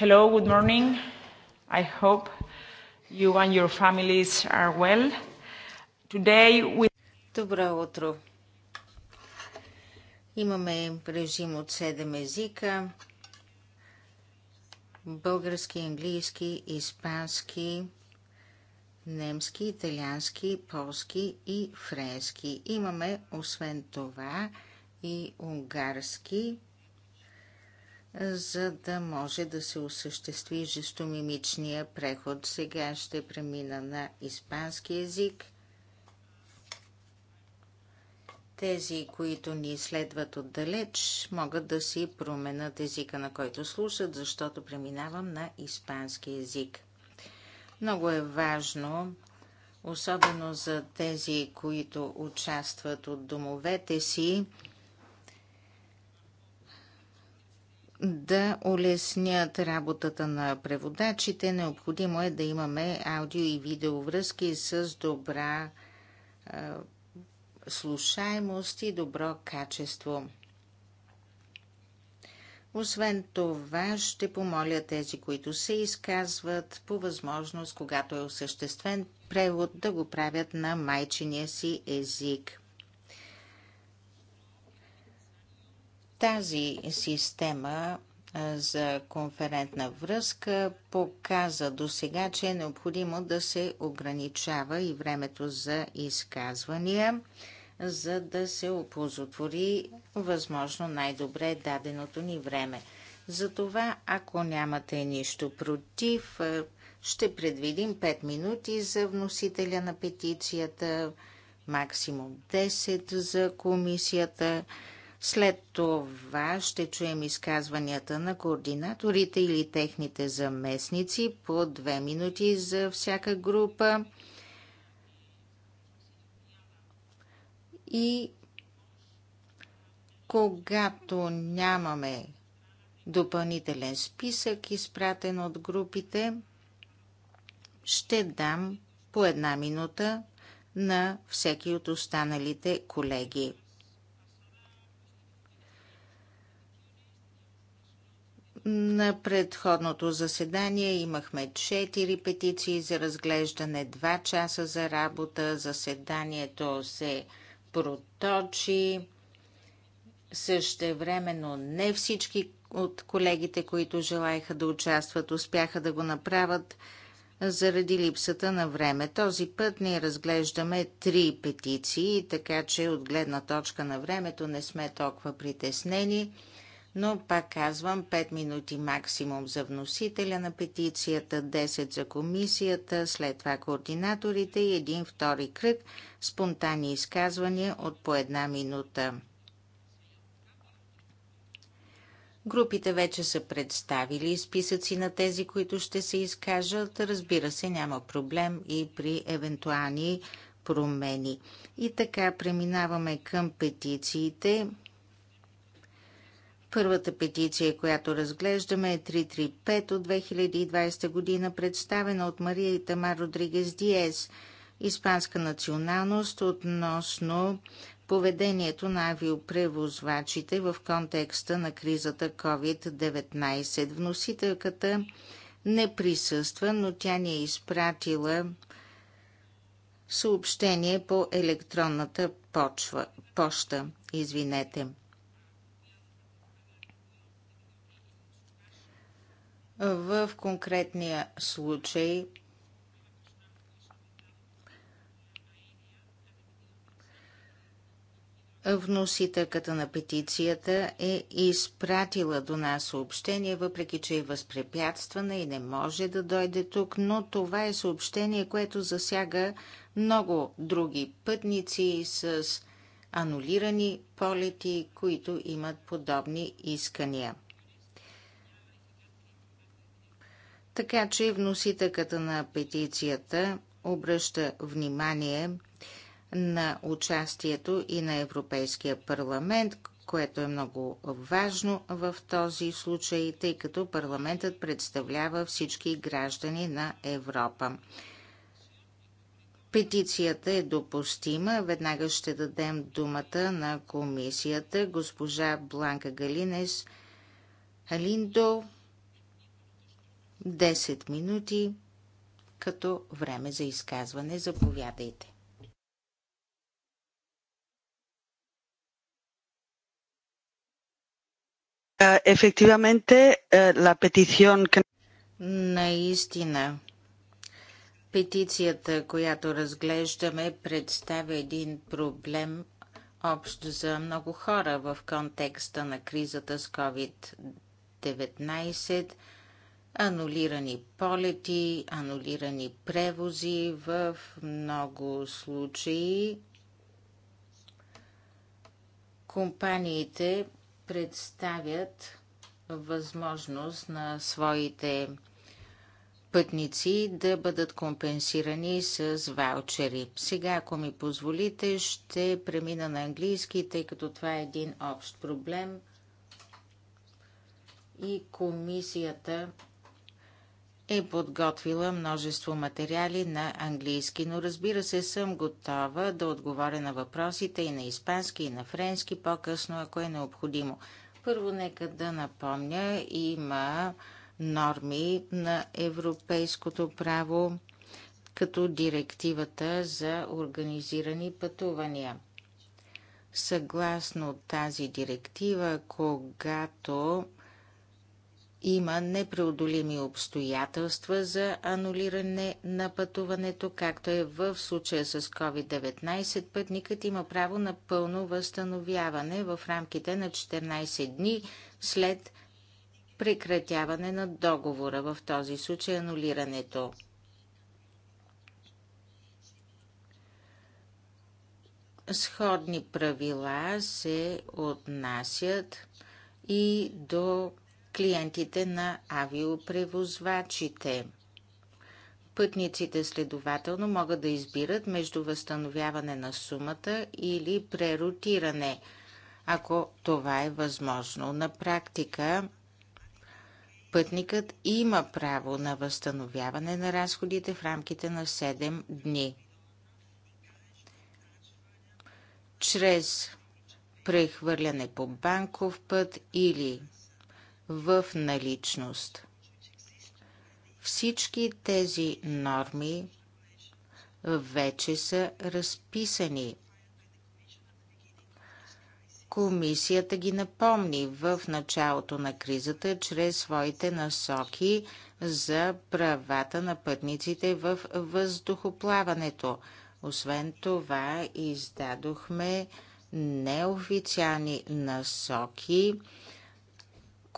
Hello, good morning. I hope you and your families are well. Today we... Добро утро. Имаме режим от 7 езика. Български, английски, испански, немски, италиански, полски и френски. Имаме освен това и унгарски за да може да се осъществи жестомимичния преход. Сега ще премина на испански язик. Тези, които ни следват отдалеч, могат да си променят езика, на който слушат, защото преминавам на испански язик. Много е важно, особено за тези, които участват от домовете си, да улеснят работата на преводачите. Необходимо е да имаме аудио и видео връзки с добра е, слушаемост и добро качество. Освен това, ще помоля тези, които се изказват по възможност, когато е осъществен превод, да го правят на майчиния си език. Тази система за конферентна връзка показа до сега, че е необходимо да се ограничава и времето за изказвания, за да се опозотвори възможно най-добре даденото ни време. Затова, ако нямате нищо против, ще предвидим 5 минути за вносителя на петицията, максимум 10 за комисията, след това ще чуем изказванията на координаторите или техните заместници по две минути за всяка група. И когато нямаме допълнителен списък, изпратен от групите, ще дам по една минута на всеки от останалите колеги. На предходното заседание имахме 4 петиции за разглеждане, 2 часа за работа. Заседанието се проточи. Същевременно не всички от колегите, които желаяха да участват, успяха да го направят заради липсата на време. Този път ние разглеждаме три петиции, така че от гледна точка на времето не сме толкова притеснени но пак казвам 5 минути максимум за вносителя на петицията, 10 за комисията, след това координаторите и един втори кръг спонтанни изказвания от по една минута. Групите вече са представили списъци на тези, които ще се изкажат. Разбира се, няма проблем и при евентуални промени. И така преминаваме към петициите. Първата петиция, която разглеждаме е 335 от 2020 година, представена от Мария и Тамар Родригес Диес, испанска националност, относно поведението на авиопревозвачите в контекста на кризата COVID-19. Вносителката не присъства, но тя ни е изпратила съобщение по електронната почва, поща. Извинете. В конкретния случай вносителката на петицията е изпратила до нас съобщение, въпреки че е възпрепятствана и не може да дойде тук, но това е съобщение, което засяга много други пътници с анулирани полети, които имат подобни искания. Така че вносителката на петицията обръща внимание на участието и на Европейския парламент, което е много важно в този случай, тъй като парламентът представлява всички граждани на Европа. Петицията е допустима. Веднага ще дадем думата на комисията. Госпожа Бланка Галинес Алиндо 10 минути като време за изказване. Заповядайте. Е, ефективаменте, е, ла петицион... Наистина, петицията, която разглеждаме, представя един проблем общ за много хора в контекста на кризата с COVID-19 анулирани полети, анулирани превози в много случаи. Компаниите представят възможност на своите пътници да бъдат компенсирани с ваучери. Сега, ако ми позволите, ще премина на английски, тъй като това е един общ проблем и комисията е подготвила множество материали на английски, но разбира се съм готова да отговоря на въпросите и на испански, и на френски по-късно, ако е необходимо. Първо нека да напомня, има норми на европейското право, като директивата за организирани пътувания. Съгласно тази директива, когато има непреодолими обстоятелства за анулиране на пътуването, както е в случая с COVID-19, пътникът има право на пълно възстановяване в рамките на 14 дни след прекратяване на договора, в този случай анулирането. Сходни правила се отнасят и до клиентите на авиопревозвачите. Пътниците следователно могат да избират между възстановяване на сумата или преротиране, ако това е възможно. На практика пътникът има право на възстановяване на разходите в рамките на 7 дни. Чрез прехвърляне по банков път или в наличност. Всички тези норми вече са разписани. Комисията ги напомни в началото на кризата чрез своите насоки за правата на пътниците в въздухоплаването. Освен това, издадохме неофициални насоки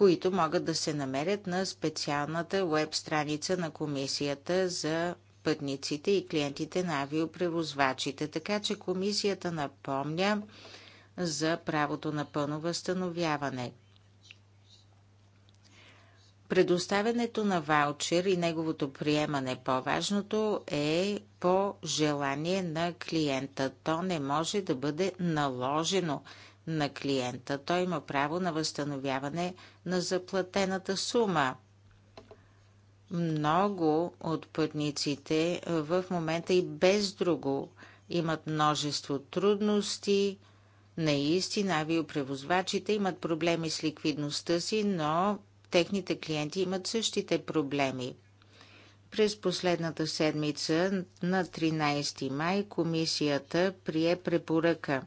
които могат да се намерят на специалната веб страница на Комисията за пътниците и клиентите на авиопревозвачите. Така че Комисията напомня за правото на пълно възстановяване. Предоставянето на ваучер и неговото приемане по-важното е по желание на клиента. То не може да бъде наложено на клиента. Той има право на възстановяване на заплатената сума. Много от пътниците в момента и без друго имат множество трудности. Наистина авиопревозвачите имат проблеми с ликвидността си, но техните клиенти имат същите проблеми. През последната седмица на 13 май комисията прие препоръка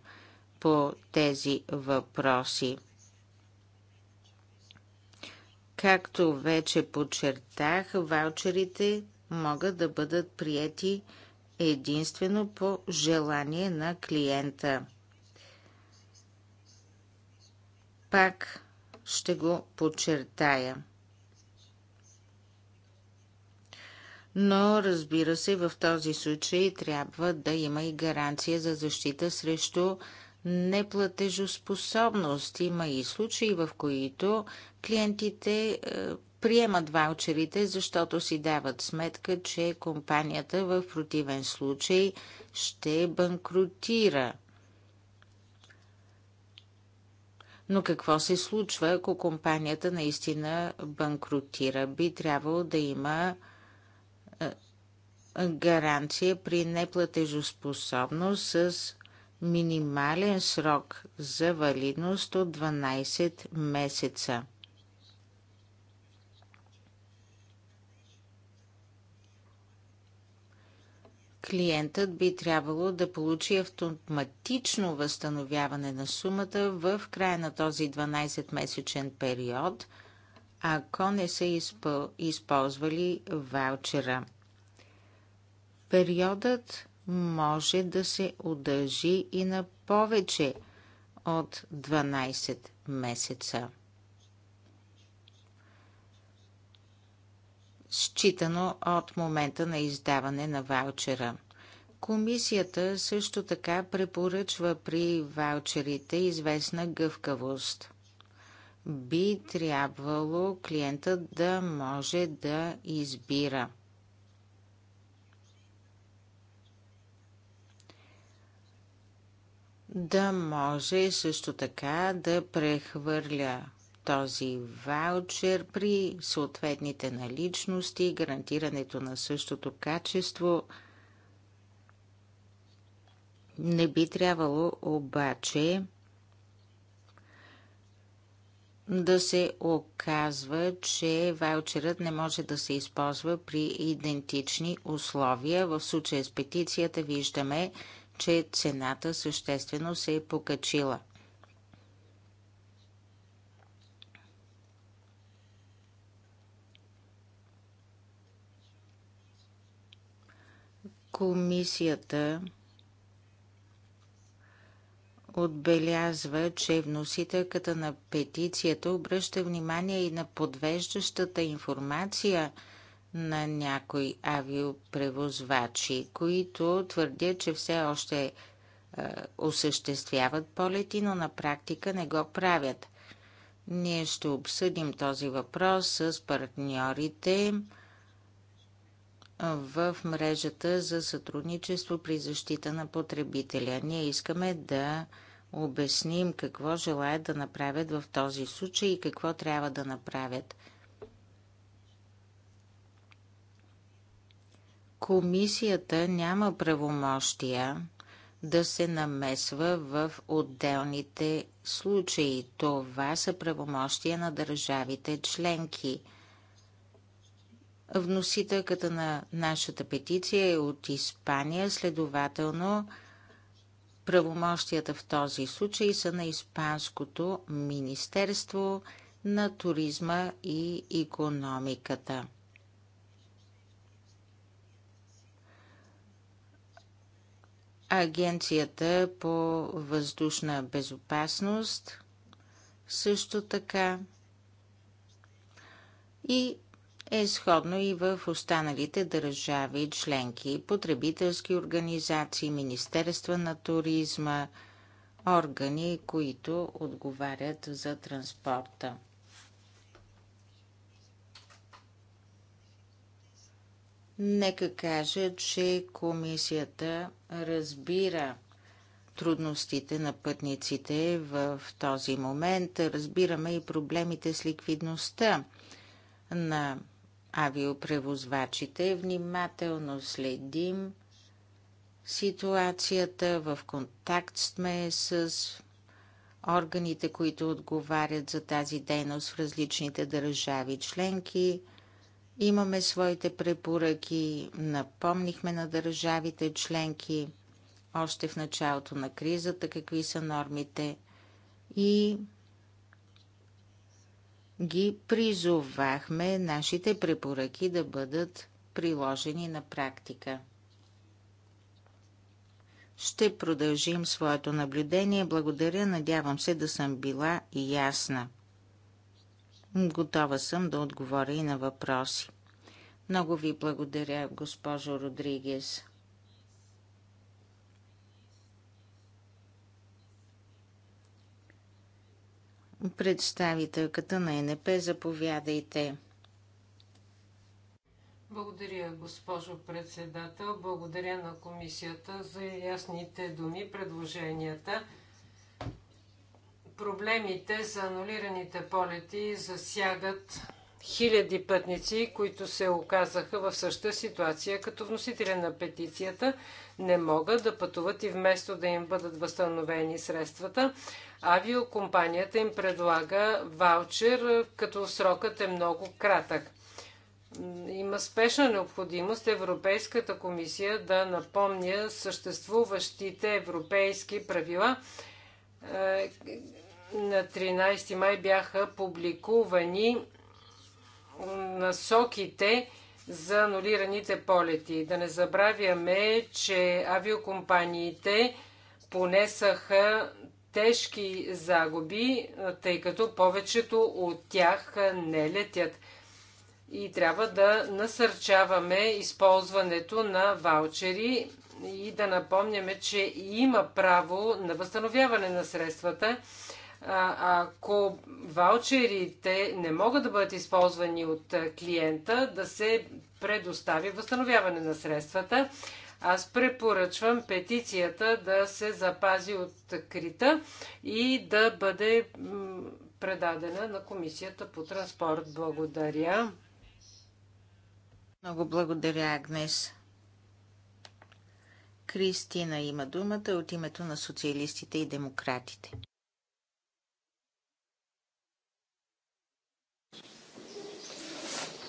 по тези въпроси. Както вече подчертах, ваучерите могат да бъдат приети единствено по желание на клиента. Пак ще го подчертая. Но, разбира се, в този случай трябва да има и гаранция за защита срещу неплатежоспособност. Има и случаи, в които клиентите е, приемат ваучерите, защото си дават сметка, че компанията в противен случай ще банкротира. Но какво се случва, ако компанията наистина банкротира? Би трябвало да има е, гаранция при неплатежоспособност с минимален срок за валидност от 12 месеца. клиентът би трябвало да получи автоматично възстановяване на сумата в края на този 12-месечен период, ако не са използвали ваучера. Периодът може да се удължи и на повече от 12 месеца. Считано от момента на издаване на ваучера. Комисията също така препоръчва при ваучерите известна гъвкавост. Би трябвало клиентът да може да избира – да може също така да прехвърля този ваучер при съответните наличности, гарантирането на същото качество. Не би трябвало обаче да се оказва, че ваучерът не може да се използва при идентични условия. В случая с петицията виждаме, че цената съществено се е покачила. Комисията отбелязва, че вносителката на петицията обръща внимание и на подвеждащата информация – на някои авиопревозвачи, които твърдят, че все още е, осъществяват полети, но на практика не го правят. Ние ще обсъдим този въпрос с партньорите в мрежата за сътрудничество при защита на потребителя. Ние искаме да обясним какво желаят да направят в този случай и какво трябва да направят – Комисията няма правомощия да се намесва в отделните случаи. Това са правомощия на държавите членки. Вносителката на нашата петиция е от Испания, следователно правомощията в този случай са на Испанското Министерство на туризма и економиката. Агенцията по въздушна безопасност също така и е сходно и в останалите държави членки, потребителски организации, Министерства на туризма, органи, които отговарят за транспорта. Нека кажа, че комисията разбира трудностите на пътниците в този момент. Разбираме и проблемите с ликвидността на авиопревозвачите. Внимателно следим ситуацията, в контакт сме с органите, които отговарят за тази дейност в различните държави членки – Имаме своите препоръки, напомнихме на държавите членки още в началото на кризата какви са нормите и ги призовахме нашите препоръки да бъдат приложени на практика. Ще продължим своето наблюдение. Благодаря, надявам се да съм била ясна. Готова съм да отговоря и на въпроси. Много ви благодаря, госпожо Родригес. Представителката на НП, заповядайте. Благодаря, госпожо председател. Благодаря на комисията за ясните думи, предложенията проблемите за анулираните полети засягат хиляди пътници, които се оказаха в същата ситуация като вносители на петицията, не могат да пътуват и вместо да им бъдат възстановени средствата, авиокомпанията им предлага ваучер, като срокът е много кратък. Има спешна необходимост Европейската комисия да напомня съществуващите европейски правила е, на 13 май бяха публикувани насоките за анулираните полети. Да не забравяме, че авиокомпаниите понесаха тежки загуби, тъй като повечето от тях не летят. И трябва да насърчаваме използването на ваучери и да напомняме, че има право на възстановяване на средствата ако ваучерите не могат да бъдат използвани от клиента, да се предостави възстановяване на средствата. Аз препоръчвам петицията да се запази открита и да бъде предадена на Комисията по транспорт. Благодаря. Много благодаря, Агнес. Кристина има думата от името на социалистите и демократите.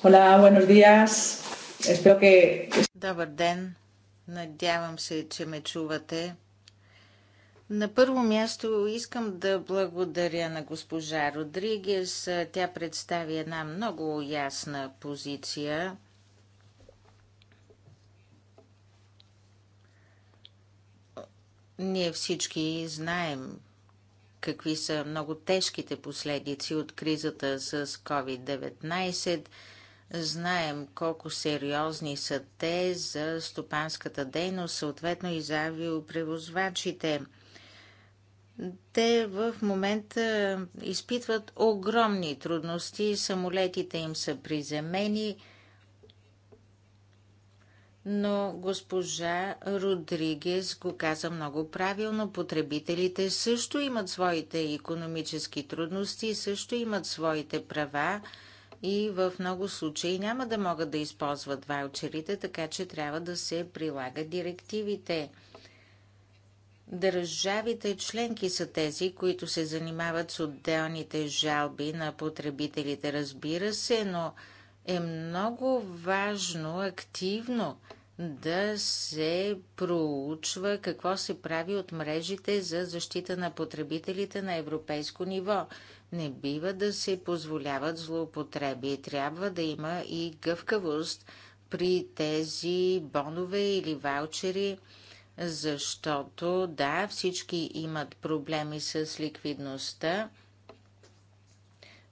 Hola, buenos días. Espero que... Добър ден. Надявам се, че ме чувате. На първо място искам да благодаря на госпожа Родригес. Тя представи една много ясна позиция. Ние всички знаем какви са много тежките последици от кризата с COVID-19. Знаем колко сериозни са те за стопанската дейност, съответно и за авиопревозвачите. Те в момента изпитват огромни трудности, самолетите им са приземени, но госпожа Родригес го каза много правилно. Потребителите също имат своите економически трудности, също имат своите права и в много случаи няма да могат да използват ваучерите, така че трябва да се прилагат директивите. Държавите членки са тези, които се занимават с отделните жалби на потребителите, разбира се, но е много важно активно да се проучва какво се прави от мрежите за защита на потребителите на европейско ниво. Не бива да се позволяват злоупотреби. Трябва да има и гъвкавост при тези бонове или ваучери, защото да, всички имат проблеми с ликвидността,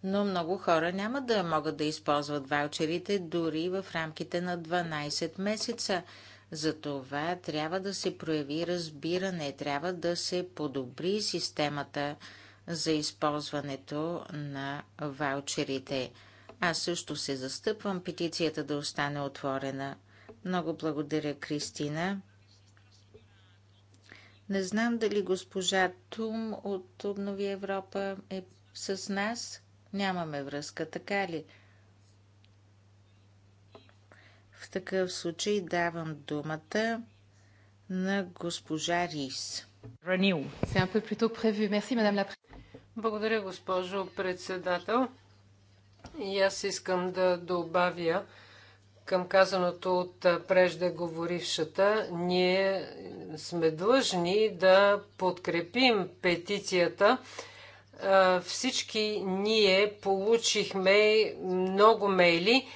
но много хора няма да могат да използват ваучерите дори в рамките на 12 месеца. За това трябва да се прояви разбиране, трябва да се подобри системата за използването на ваучерите. Аз също се застъпвам петицията да остане отворена. Много благодаря, Кристина. Не знам дали госпожа Тум от Обнови Европа е с нас. Нямаме връзка, така ли? В такъв случай давам думата на госпожа Рис. Ранил. C'est un peu plus tôt que prévu. Merci, Madame la благодаря, госпожо председател. И аз искам да добавя към казаното от преждеговорившата. Ние сме длъжни да подкрепим петицията. Всички ние получихме много мейли.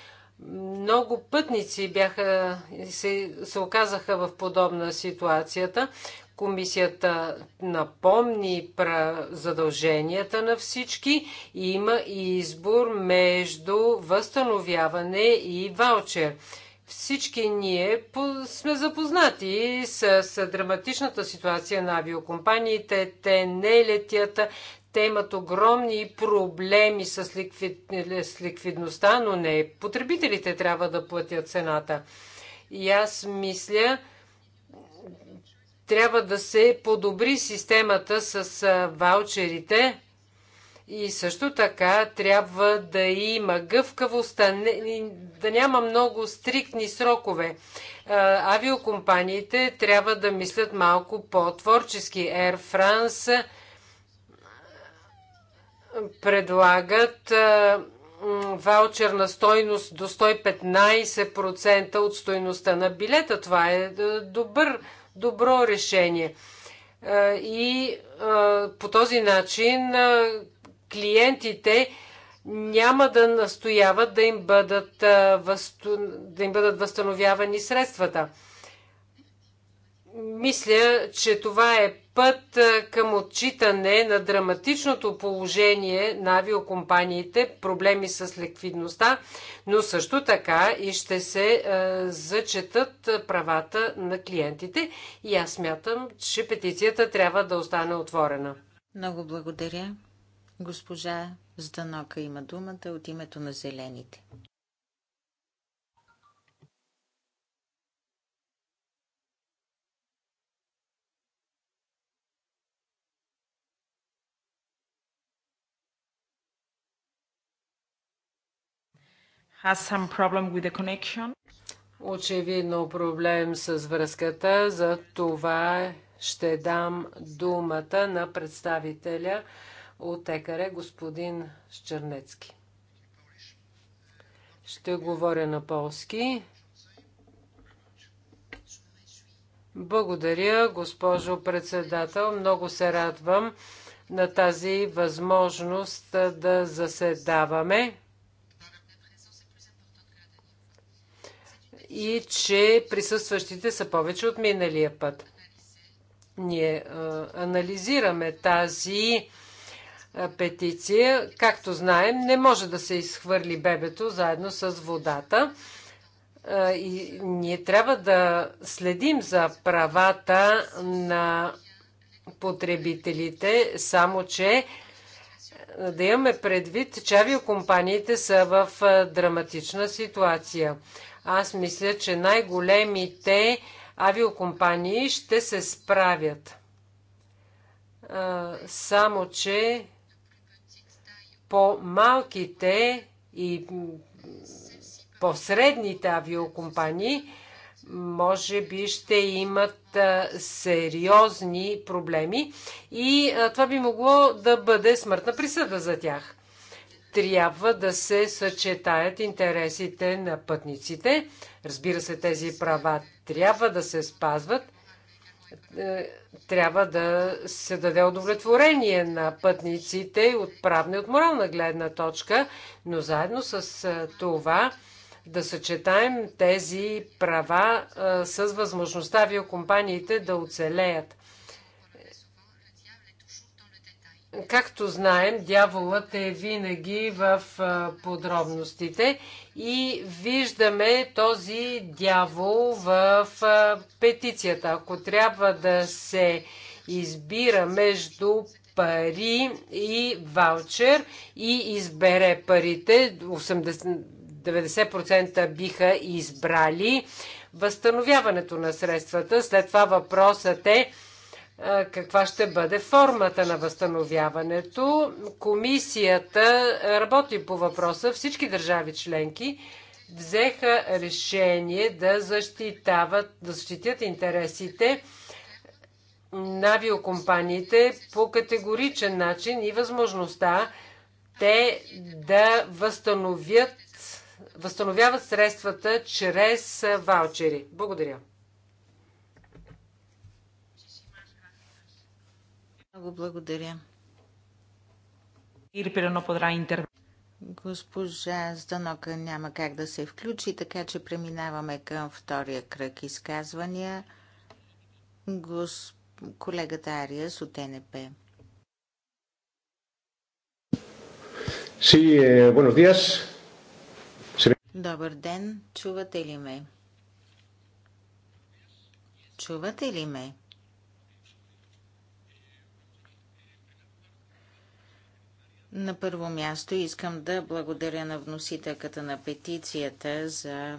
Много пътници бяха, се, се оказаха в подобна ситуацията. Комисията напомни задълженията на всички и има избор между възстановяване и ваучер. Всички ние сме запознати с, с драматичната ситуация на авиокомпаниите. Те не летят, те имат огромни проблеми с, ликвид, с ликвидността, но не потребителите трябва да платят цената. И аз мисля, трябва да се подобри системата с ваучерите и също така трябва да има гъвкавостта, да няма много стриктни срокове. Авиокомпаниите трябва да мислят малко по-творчески. Air France предлагат ваучер на стойност до 115% от стойността на билета. Това е добър добро решение. И по този начин клиентите няма да настояват да им бъдат, да им бъдат възстановявани средствата. Мисля, че това е път е, към отчитане на драматичното положение на авиокомпаниите, проблеми с ликвидността, но също така и ще се е, зачетат правата на клиентите. И аз смятам, че петицията трябва да остане отворена. Много благодаря. Госпожа Зданока има думата от името на Зелените. has some problem with the connection. Очевидно проблем с връзката, за това ще дам думата на представителя от ЕКАРЕ, господин Щернецки. Ще говоря на полски. Благодаря, госпожо председател. Много се радвам на тази възможност да заседаваме. и че присъстващите са повече от миналия път. Ние е, анализираме тази е, петиция. Както знаем, не може да се изхвърли бебето заедно с водата. Е, и ние трябва да следим за правата на потребителите, само че да имаме предвид, че авиокомпаниите са в драматична ситуация. Аз мисля, че най-големите авиокомпании ще се справят. Само, че по-малките и по-средните авиокомпании може би ще имат сериозни проблеми и това би могло да бъде смъртна присъда за тях трябва да се съчетаят интересите на пътниците. Разбира се, тези права трябва да се спазват. Е, трябва да се даде удовлетворение на пътниците от правна и от морална гледна точка, но заедно с е, това да съчетаем тези права е, с възможността авиокомпаниите да оцелеят. Както знаем, дяволът е винаги в подробностите и виждаме този дявол в петицията. Ако трябва да се избира между пари и ваучер и избере парите, 80, 90% биха избрали възстановяването на средствата. След това въпросът е каква ще бъде формата на възстановяването. Комисията работи по въпроса. Всички държави членки взеха решение да защитават, да защитят интересите на авиокомпаниите по категоричен начин и възможността те да възстановят, възстановяват средствата чрез ваучери. Благодаря. Много благодаря. Госпожа Зданока няма как да се включи, така че преминаваме към втория кръг изказвания. Гос... Колегата Ариас от НП. Sí, eh, días. Добър ден, чувате ли ме? Чувате ли ме? На първо място искам да благодаря на вносителката на петицията за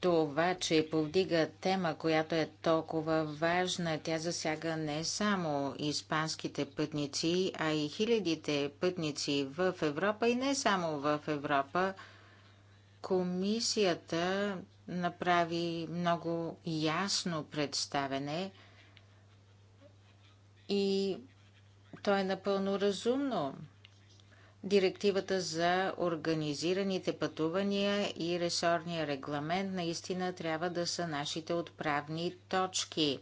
това, че повдига тема, която е толкова важна. Тя засяга не само испанските пътници, а и хилядите пътници в Европа и не само в Европа. Комисията направи много ясно представене и то е напълно разумно. Директивата за организираните пътувания и ресорния регламент наистина трябва да са нашите отправни точки.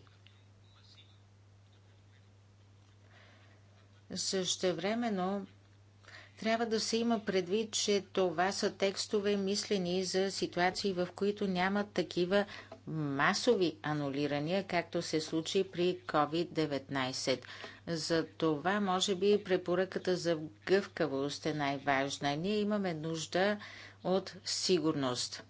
Също времено трябва да се има предвид, че това са текстове мислени за ситуации, в които няма такива масови анулирания, както се случи при COVID-19. За това, може би, препоръката за гъвкавост е най-важна. Ние имаме нужда от сигурност.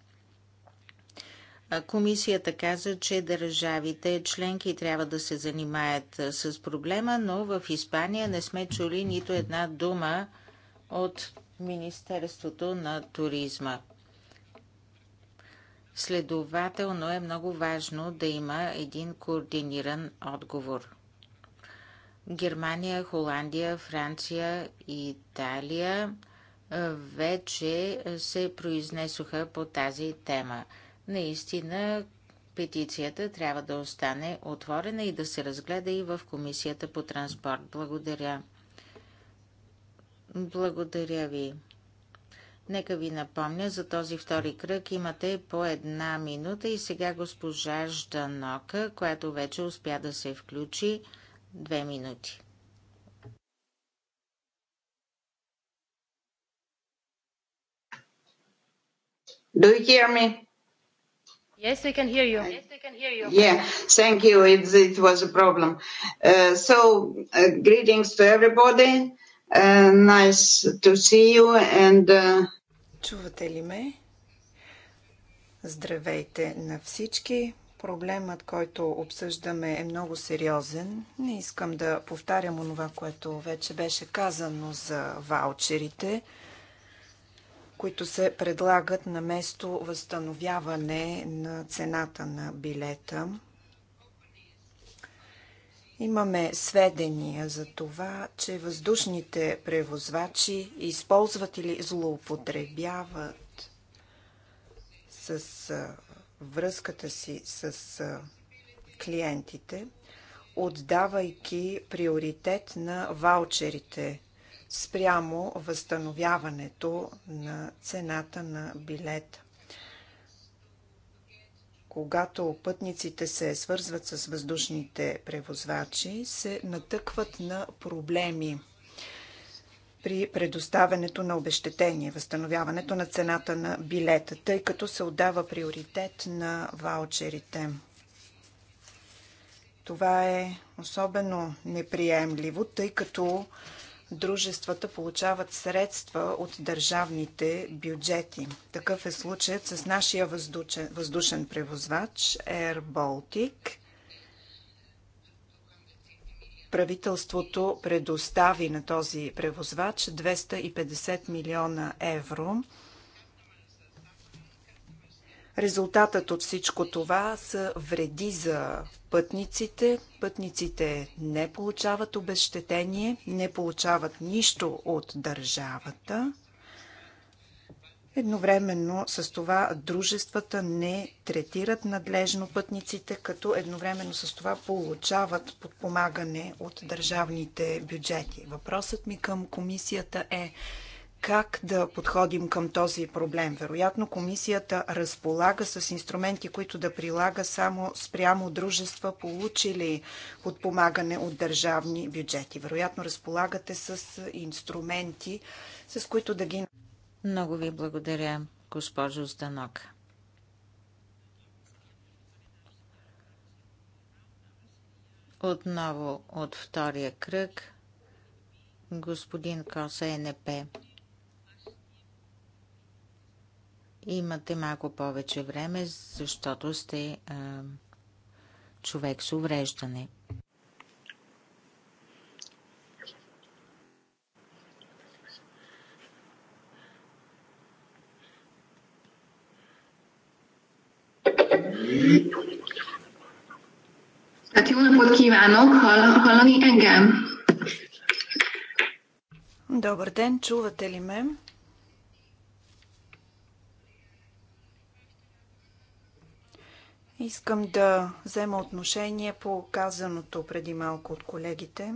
Комисията каза, че държавите членки трябва да се занимаят с проблема, но в Испания не сме чули нито една дума от Министерството на туризма. Следователно е много важно да има един координиран отговор. Германия, Холандия, Франция и Италия вече се произнесоха по тази тема. Наистина, петицията трябва да остане отворена и да се разгледа и в Комисията по транспорт. Благодаря. Благодаря ви. Нека ви напомня, за този втори кръг имате по една минута и сега госпожа Жданока, която вече успя да се включи, две минути. Do you hear me? Yes, I can hear you. Yes, I can hear you. Yeah, thank you. It, it was a problem. Uh, so, uh, greetings to everybody. Uh, nice to see you and... Uh... Чувате ли ме? Здравейте на всички. Проблемът, който обсъждаме е много сериозен. Не искам да повтарям онова, което вече беше казано за ваучерите, които се предлагат на место възстановяване на цената на билета. Имаме сведения за това, че въздушните превозвачи използват или злоупотребяват с връзката си с клиентите, отдавайки приоритет на ваучерите спрямо възстановяването на цената на билета когато пътниците се свързват с въздушните превозвачи, се натъкват на проблеми при предоставянето на обещетение, възстановяването на цената на билета, тъй като се отдава приоритет на ваучерите. Това е особено неприемливо, тъй като дружествата получават средства от държавните бюджети. Такъв е случаят с нашия въздушен, въздушен превозвач Air Baltic. Правителството предостави на този превозвач 250 милиона евро – Резултатът от всичко това са вреди за пътниците. Пътниците не получават обещетение, не получават нищо от държавата. Едновременно с това дружествата не третират надлежно пътниците, като едновременно с това получават подпомагане от държавните бюджети. Въпросът ми към комисията е как да подходим към този проблем. Вероятно, комисията разполага с инструменти, които да прилага само спрямо дружества, получили подпомагане от държавни бюджети. Вероятно, разполагате с инструменти, с които да ги. Много ви благодаря, госпожо Станок. Отново от втория кръг господин Коса НП. Имате малко повече време, защото сте а, човек с увреждане. Hát jó napot kívánok! hallani engem? Добър ден, чувате ли ме? Искам да взема отношение по казаното преди малко от колегите.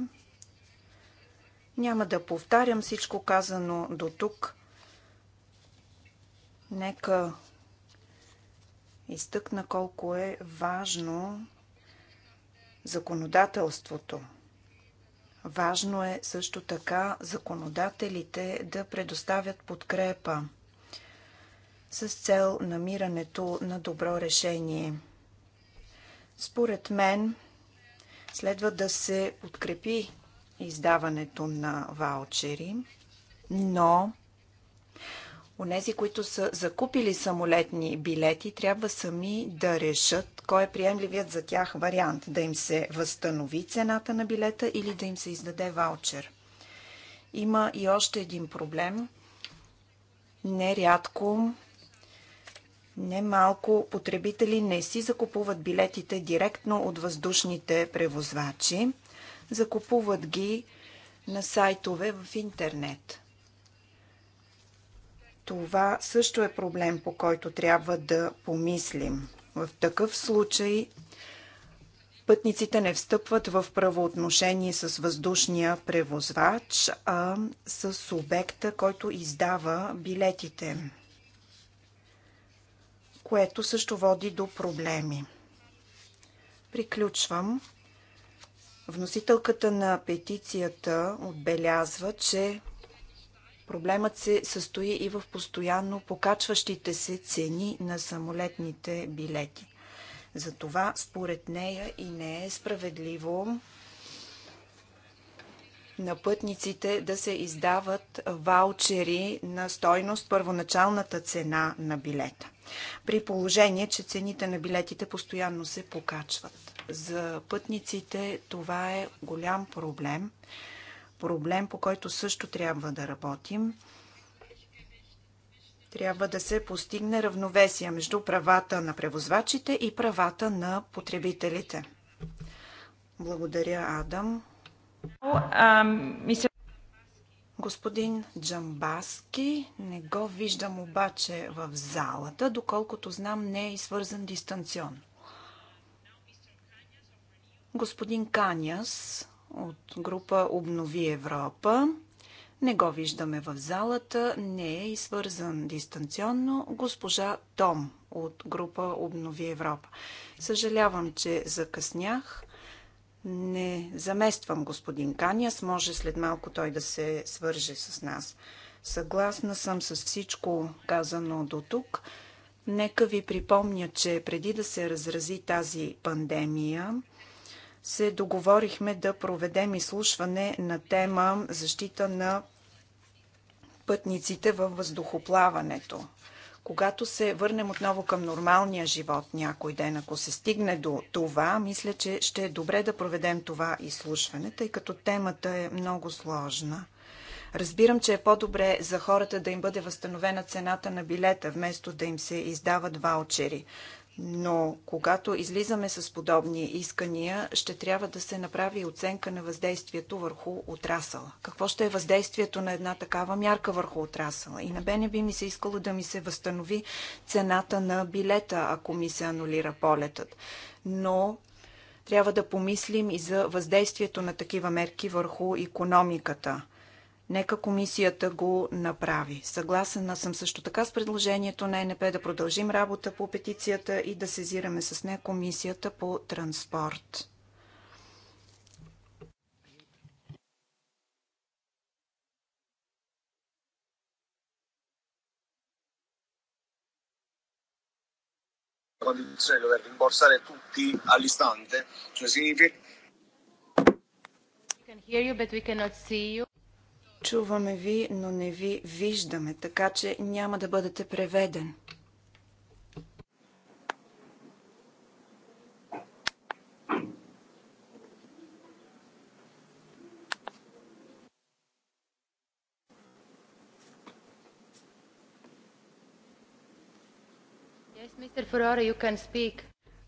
Няма да повтарям всичко казано до тук. Нека изтъкна колко е важно законодателството. Важно е също така законодателите да предоставят подкрепа с цел намирането на добро решение – според мен следва да се подкрепи издаването на ваучери, но Онези, които са закупили самолетни билети, трябва сами да решат кой е приемливият за тях вариант да им се възстанови цената на билета или да им се издаде ваучер. Има и още един проблем. Нерядко Немалко потребители не си закупуват билетите директно от въздушните превозвачи, закупуват ги на сайтове в интернет. Това също е проблем, по който трябва да помислим. В такъв случай пътниците не встъпват в правоотношение с въздушния превозвач, а с обекта, който издава билетите което също води до проблеми. Приключвам. Вносителката на петицията отбелязва, че проблемът се състои и в постоянно покачващите се цени на самолетните билети. Затова, според нея, и не е справедливо на пътниците да се издават ваучери на стойност първоначалната цена на билета. При положение, че цените на билетите постоянно се покачват. За пътниците това е голям проблем. Проблем, по който също трябва да работим. Трябва да се постигне равновесие между правата на превозвачите и правата на потребителите. Благодаря, Адам. Господин Джамбаски, не го виждам обаче в залата. Доколкото знам, не е и свързан дистанционно. Господин Каняс от група Обнови Европа. Не го виждаме в залата, не е и свързан дистанционно. Госпожа Том от група Обнови Европа. Съжалявам, че закъснях. Не замествам господин Каняс, може след малко той да се свърже с нас. Съгласна съм с всичко казано до тук. Нека ви припомня, че преди да се разрази тази пандемия, се договорихме да проведем изслушване на тема защита на пътниците във въздухоплаването. Когато се върнем отново към нормалния живот някой ден, ако се стигне до това, мисля, че ще е добре да проведем това изслушване, тъй като темата е много сложна. Разбирам, че е по-добре за хората да им бъде възстановена цената на билета, вместо да им се издават ваучери но когато излизаме с подобни искания, ще трябва да се направи оценка на въздействието върху отрасъла. Какво ще е въздействието на една такава мярка върху отрасъла? И на бене би ми се искало да ми се възстанови цената на билета, ако ми се анулира полетът. Но трябва да помислим и за въздействието на такива мерки върху економиката – Нека комисията го направи. Съгласена съм също така с предложението на НП да продължим работа по петицията и да сезираме с нея комисията по транспорт. can hear you, but we cannot see you. Чуваме ви, но не ви виждаме, така че няма да бъдете преведен.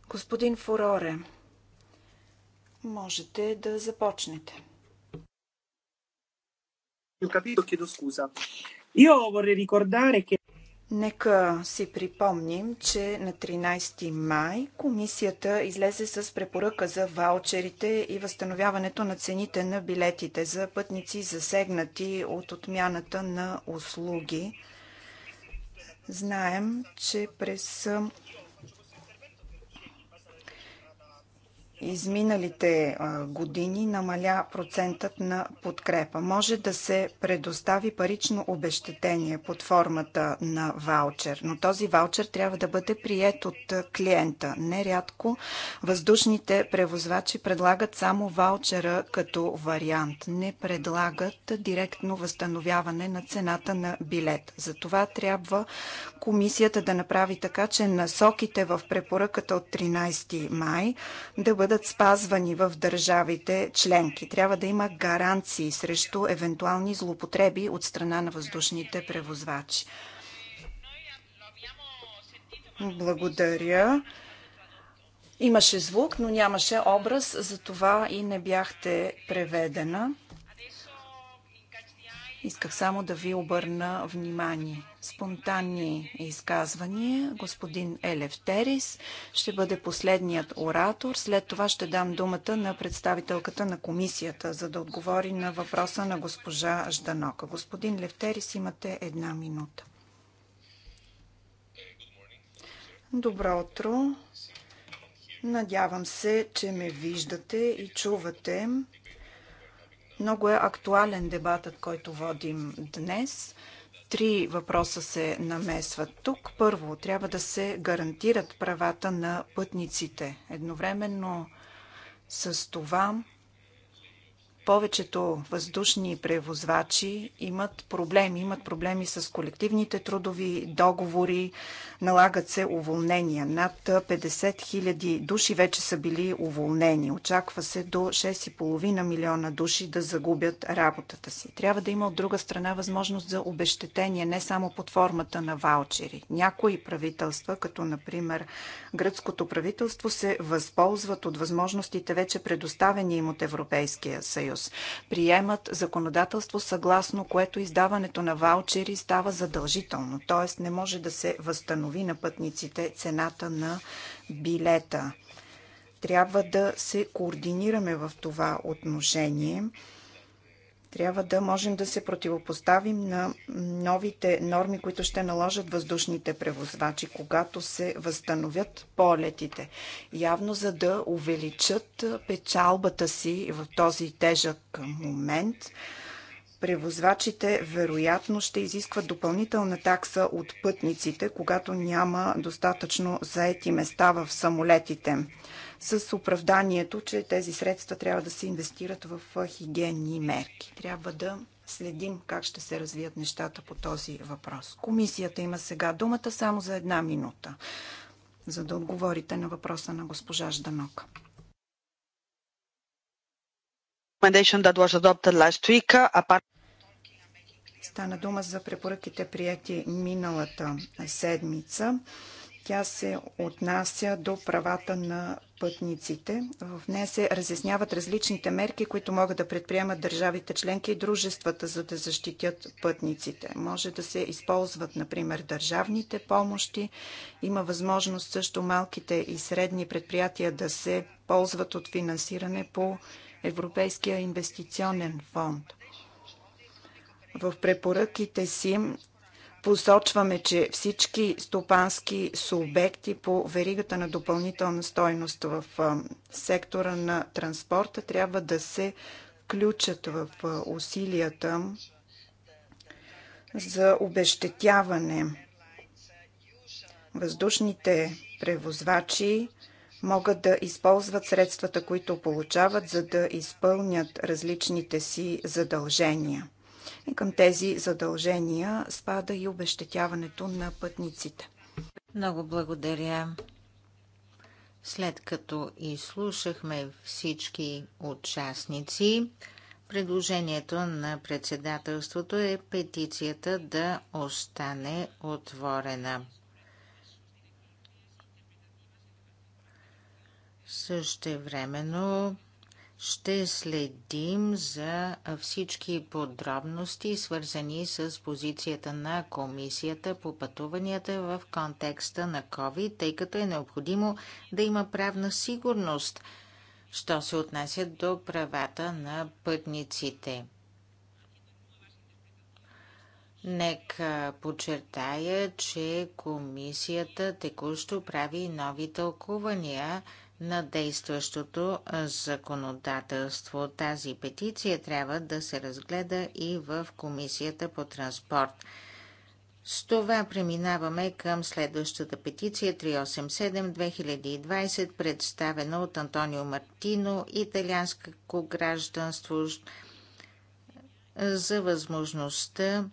Господин Фуроре, можете да започнете. Ho capito, chiedo scusa. Io vorrei ricordare che Нека си припомним, че на 13 май комисията излезе с препоръка за ваучерите и възстановяването на цените на билетите за пътници засегнати от отмяната на услуги. Знаем, че през изминалите години намаля процентът на подкрепа. Може да се предостави парично обещетение под формата на ваучер, но този ваучер трябва да бъде прият от клиента. Нерядко въздушните превозвачи предлагат само ваучера като вариант. Не предлагат директно възстановяване на цената на билет. Затова трябва комисията да направи така, че насоките в препоръката от 13 май да бъдат бъдат спазвани в държавите членки. Трябва да има гаранции срещу евентуални злоупотреби от страна на въздушните превозвачи. Благодаря. Имаше звук, но нямаше образ, затова и не бяхте преведена. Исках само да ви обърна внимание. Спонтанни изказвания. Господин Терис ще бъде последният оратор. След това ще дам думата на представителката на комисията, за да отговори на въпроса на госпожа Жданока. Господин Левтерис, имате една минута. Добро утро. Надявам се, че ме виждате и чувате. Много е актуален дебатът, който водим днес. Три въпроса се намесват тук. Първо, трябва да се гарантират правата на пътниците. Едновременно с това повечето въздушни превозвачи имат проблеми. Имат проблеми с колективните трудови договори, налагат се уволнения. Над 50 000 души вече са били уволнени. Очаква се до 6,5 милиона души да загубят работата си. Трябва да има от друга страна възможност за обещетение, не само под формата на ваучери. Някои правителства, като например гръцкото правителство, се възползват от възможностите вече предоставени им от Европейския съюз съюз приемат законодателство, съгласно което издаването на ваучери става задължително, т.е. не може да се възстанови на пътниците цената на билета. Трябва да се координираме в това отношение. Трябва да можем да се противопоставим на новите норми, които ще наложат въздушните превозвачи, когато се възстановят полетите. Явно за да увеличат печалбата си в този тежък момент, превозвачите вероятно ще изискват допълнителна такса от пътниците, когато няма достатъчно заети места в самолетите с оправданието, че тези средства трябва да се инвестират в хигиенни мерки. Трябва да следим как ще се развият нещата по този въпрос. Комисията има сега думата само за една минута, за да отговорите на въпроса на госпожа Жданок. Стана дума за препоръките прияти миналата седмица. Тя се отнася до правата на пътниците. В нея се разясняват различните мерки, които могат да предприемат държавите членки и дружествата, за да защитят пътниците. Може да се използват, например, държавните помощи. Има възможност също малките и средни предприятия да се ползват от финансиране по Европейския инвестиционен фонд. В препоръките си посочваме, че всички стопански субекти по веригата на допълнителна стойност в сектора на транспорта трябва да се включат в усилията за обещетяване. Въздушните превозвачи могат да използват средствата, които получават, за да изпълнят различните си задължения към тези задължения спада и обещетяването на пътниците. Много благодаря. След като изслушахме всички участници, предложението на председателството е петицията да остане отворена. Също времено ще следим за всички подробности, свързани с позицията на комисията по пътуванията в контекста на COVID, тъй като е необходимо да има правна сигурност, що се отнася до правата на пътниците. Нека подчертая, че комисията текущо прави нови тълкувания – на действащото законодателство. Тази петиция трябва да се разгледа и в Комисията по транспорт. С това преминаваме към следващата петиция 387-2020, представена от Антонио Мартино, италианско гражданство за възможността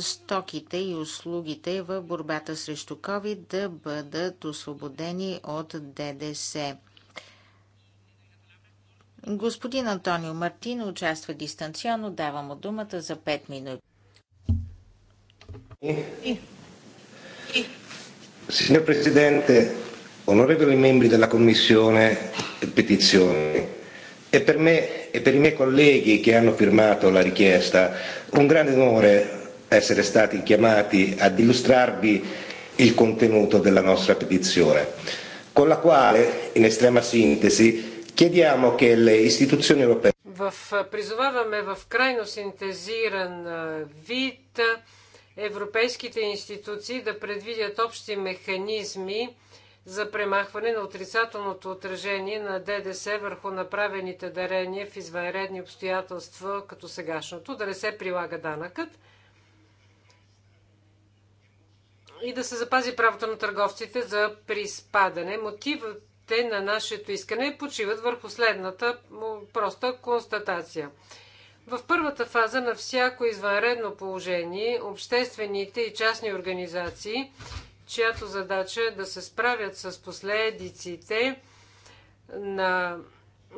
стоките и услугите в борбата срещу COVID да бъдат освободени от ДДС. Господин Антонио Мартин участва дистанционно. Давам му думата за 5 минути. Signor Presidente, onorevoli membri della Commissione Petizioni, è per me e per i miei colleghi che hanno firmato la richiesta un grande onore essere stati chiamati ad illustrarvi il contenuto della nostra petizione, con la quale, in estrema sintesi, chiediamo che le istituzioni europee. В, призоваваме в крайно синтезиран вид европейските институции да предвидят общи механизми за премахване на отрицателното отражение на ДДС върху направените дарения в извънредни обстоятелства, като сегашното, да не се прилага данъкът и да се запази правото на търговците за приспадане. Мотивите на нашето искане почиват върху следната проста констатация. В първата фаза на всяко извънредно положение обществените и частни организации, чиято задача е да се справят с последиците на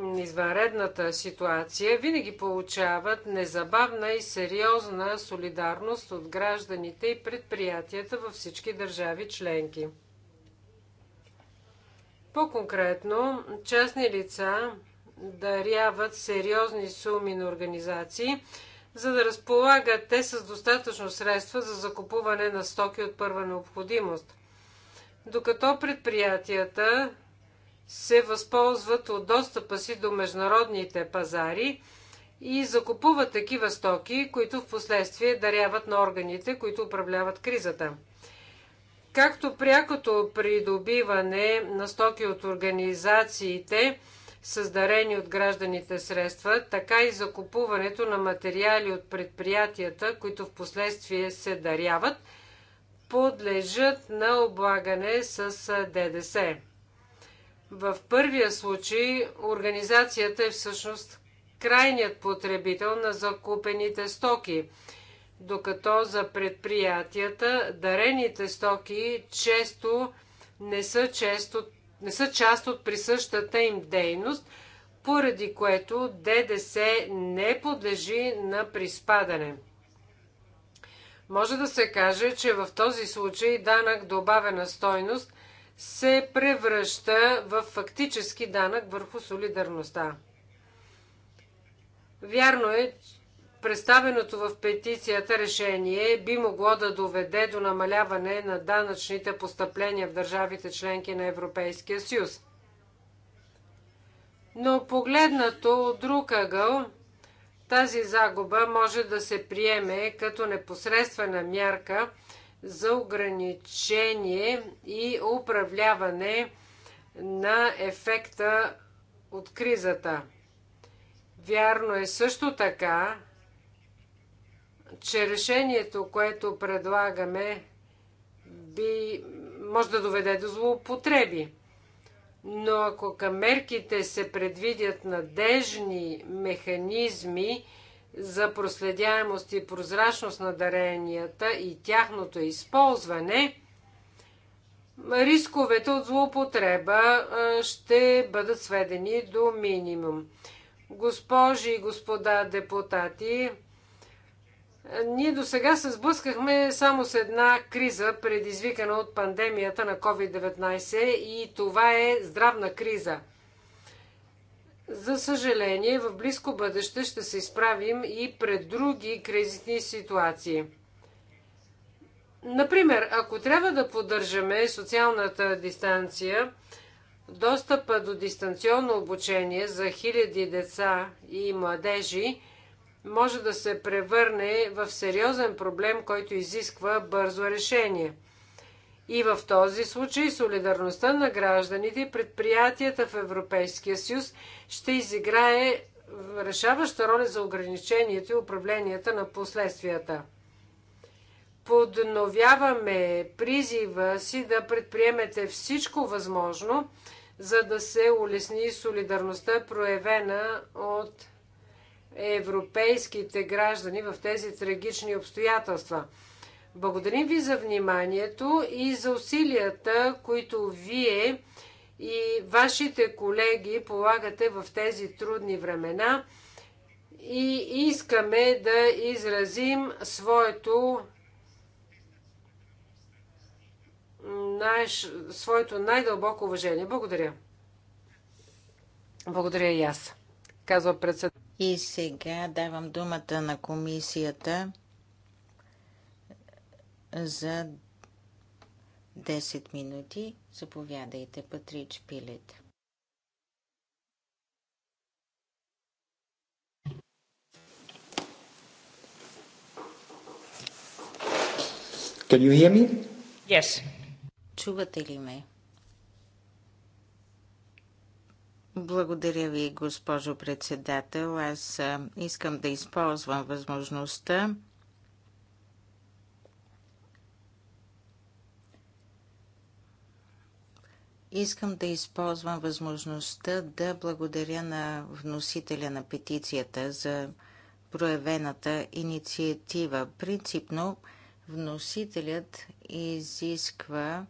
извънредната ситуация, винаги получават незабавна и сериозна солидарност от гражданите и предприятията във всички държави членки. По-конкретно, частни лица даряват сериозни суми на организации, за да разполагат те с достатъчно средства за закупуване на стоки от първа необходимост. Докато предприятията се възползват от достъпа си до международните пазари и закупуват такива стоки, които в последствие даряват на органите, които управляват кризата. Както прякото придобиване на стоки от организациите, създарени от гражданите средства, така и закупуването на материали от предприятията, които в последствие се даряват, подлежат на облагане с ДДС. В първия случай организацията е всъщност крайният потребител на закупените стоки, докато за предприятията дарените стоки често не са, често, не са част от присъщата им дейност, поради което ДДС не подлежи на приспадане. Може да се каже, че в този случай данък добавена стойност се превръща в фактически данък върху солидарността. Вярно е, представеното в петицията решение би могло да доведе до намаляване на данъчните постъпления в държавите членки на Европейския съюз. Но погледнато от друг ъгъл, тази загуба може да се приеме като непосредствена мярка – за ограничение и управляване на ефекта от кризата. Вярно е също така, че решението, което предлагаме, би, може да доведе до злоупотреби. Но ако към мерките се предвидят надежни механизми, за проследяемост и прозрачност на даренията и тяхното използване, рисковете от злоупотреба ще бъдат сведени до минимум. Госпожи и господа депутати, ние до сега се сблъскахме само с една криза, предизвикана от пандемията на COVID-19 и това е здравна криза – за съжаление, в близко бъдеще ще се изправим и пред други кризисни ситуации. Например, ако трябва да поддържаме социалната дистанция, достъпа до дистанционно обучение за хиляди деца и младежи може да се превърне в сериозен проблем, който изисква бързо решение – и в този случай солидарността на гражданите и предприятията в Европейския съюз ще изиграе решаваща роля за ограничението и управлението на последствията. Подновяваме призива си да предприемете всичко възможно, за да се улесни солидарността, проявена от европейските граждани в тези трагични обстоятелства – Благодарим ви за вниманието и за усилията, които вие и вашите колеги полагате в тези трудни времена и искаме да изразим своето, наш, своето най-дълбоко уважение. Благодаря. Благодаря и аз, казва председател. И сега давам думата на комисията за 10 минути. Заповядайте, Патрич Пилет. Can you hear me? Yes. Чувате ли ме? Благодаря ви, госпожо председател. Аз искам да използвам възможността Искам да използвам възможността да благодаря на вносителя на петицията за проявената инициатива. Принципно вносителят изисква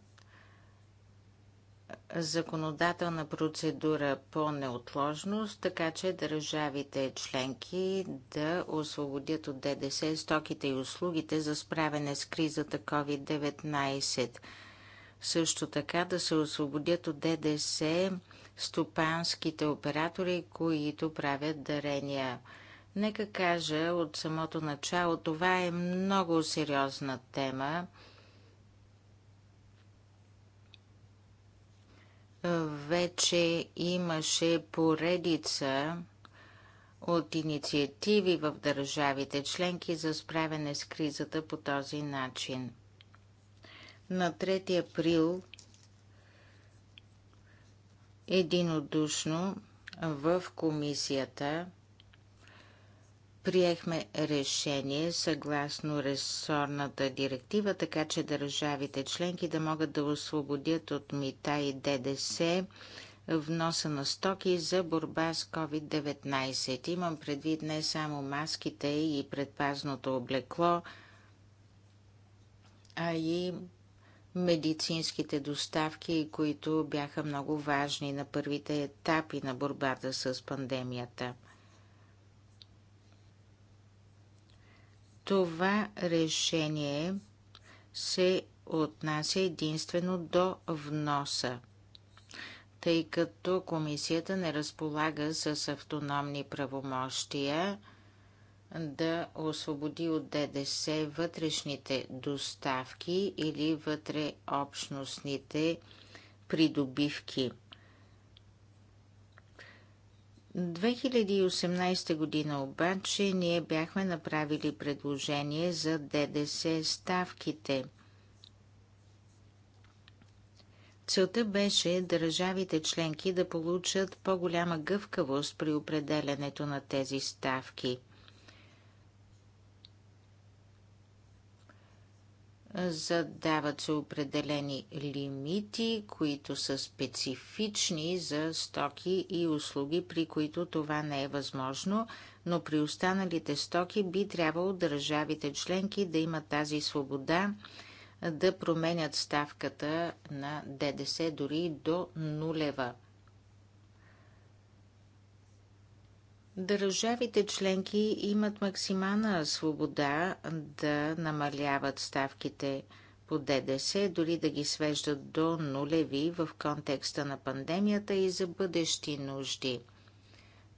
законодателна процедура по неотложност, така че държавите членки да освободят от ДДС стоките и услугите за справяне с кризата COVID-19 също така да се освободят от ДДС стопанските оператори, които правят дарения. Нека кажа от самото начало, това е много сериозна тема. Вече имаше поредица от инициативи в държавите членки за справяне с кризата по този начин – на 3 април единодушно в комисията приехме решение съгласно ресорната директива, така че държавите членки да могат да освободят от мита и ДДС вноса на стоки за борба с COVID-19. Имам предвид не само маските и предпазното облекло, а и медицинските доставки, които бяха много важни на първите етапи на борбата с пандемията. Това решение се отнася единствено до вноса, тъй като комисията не разполага с автономни правомощия да освободи от ДДС вътрешните доставки или вътреобщностните придобивки. 2018 година обаче ние бяхме направили предложение за ДДС ставките. Целта беше държавите членки да получат по-голяма гъвкавост при определенето на тези ставки – Задават се определени лимити, които са специфични за стоки и услуги, при които това не е възможно, но при останалите стоки би трябвало държавите членки да имат тази свобода да променят ставката на ДДС дори до нулева Държавите членки имат максимална свобода да намаляват ставките по ДДС, дори да ги свеждат до нулеви в контекста на пандемията и за бъдещи нужди.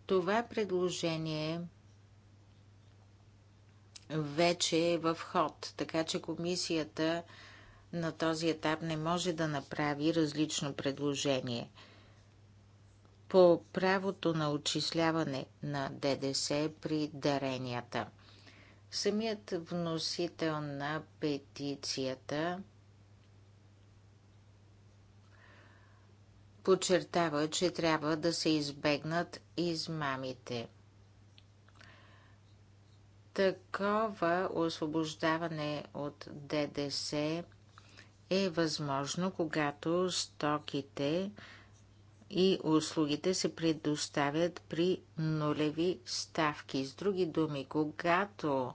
Това предложение вече е в ход, така че комисията на този етап не може да направи различно предложение – по правото на отчисляване на ДДС при даренията. Самият вносител на петицията подчертава, че трябва да се избегнат измамите. Такова освобождаване от ДДС е възможно, когато стоките и услугите се предоставят при нулеви ставки. С други думи, когато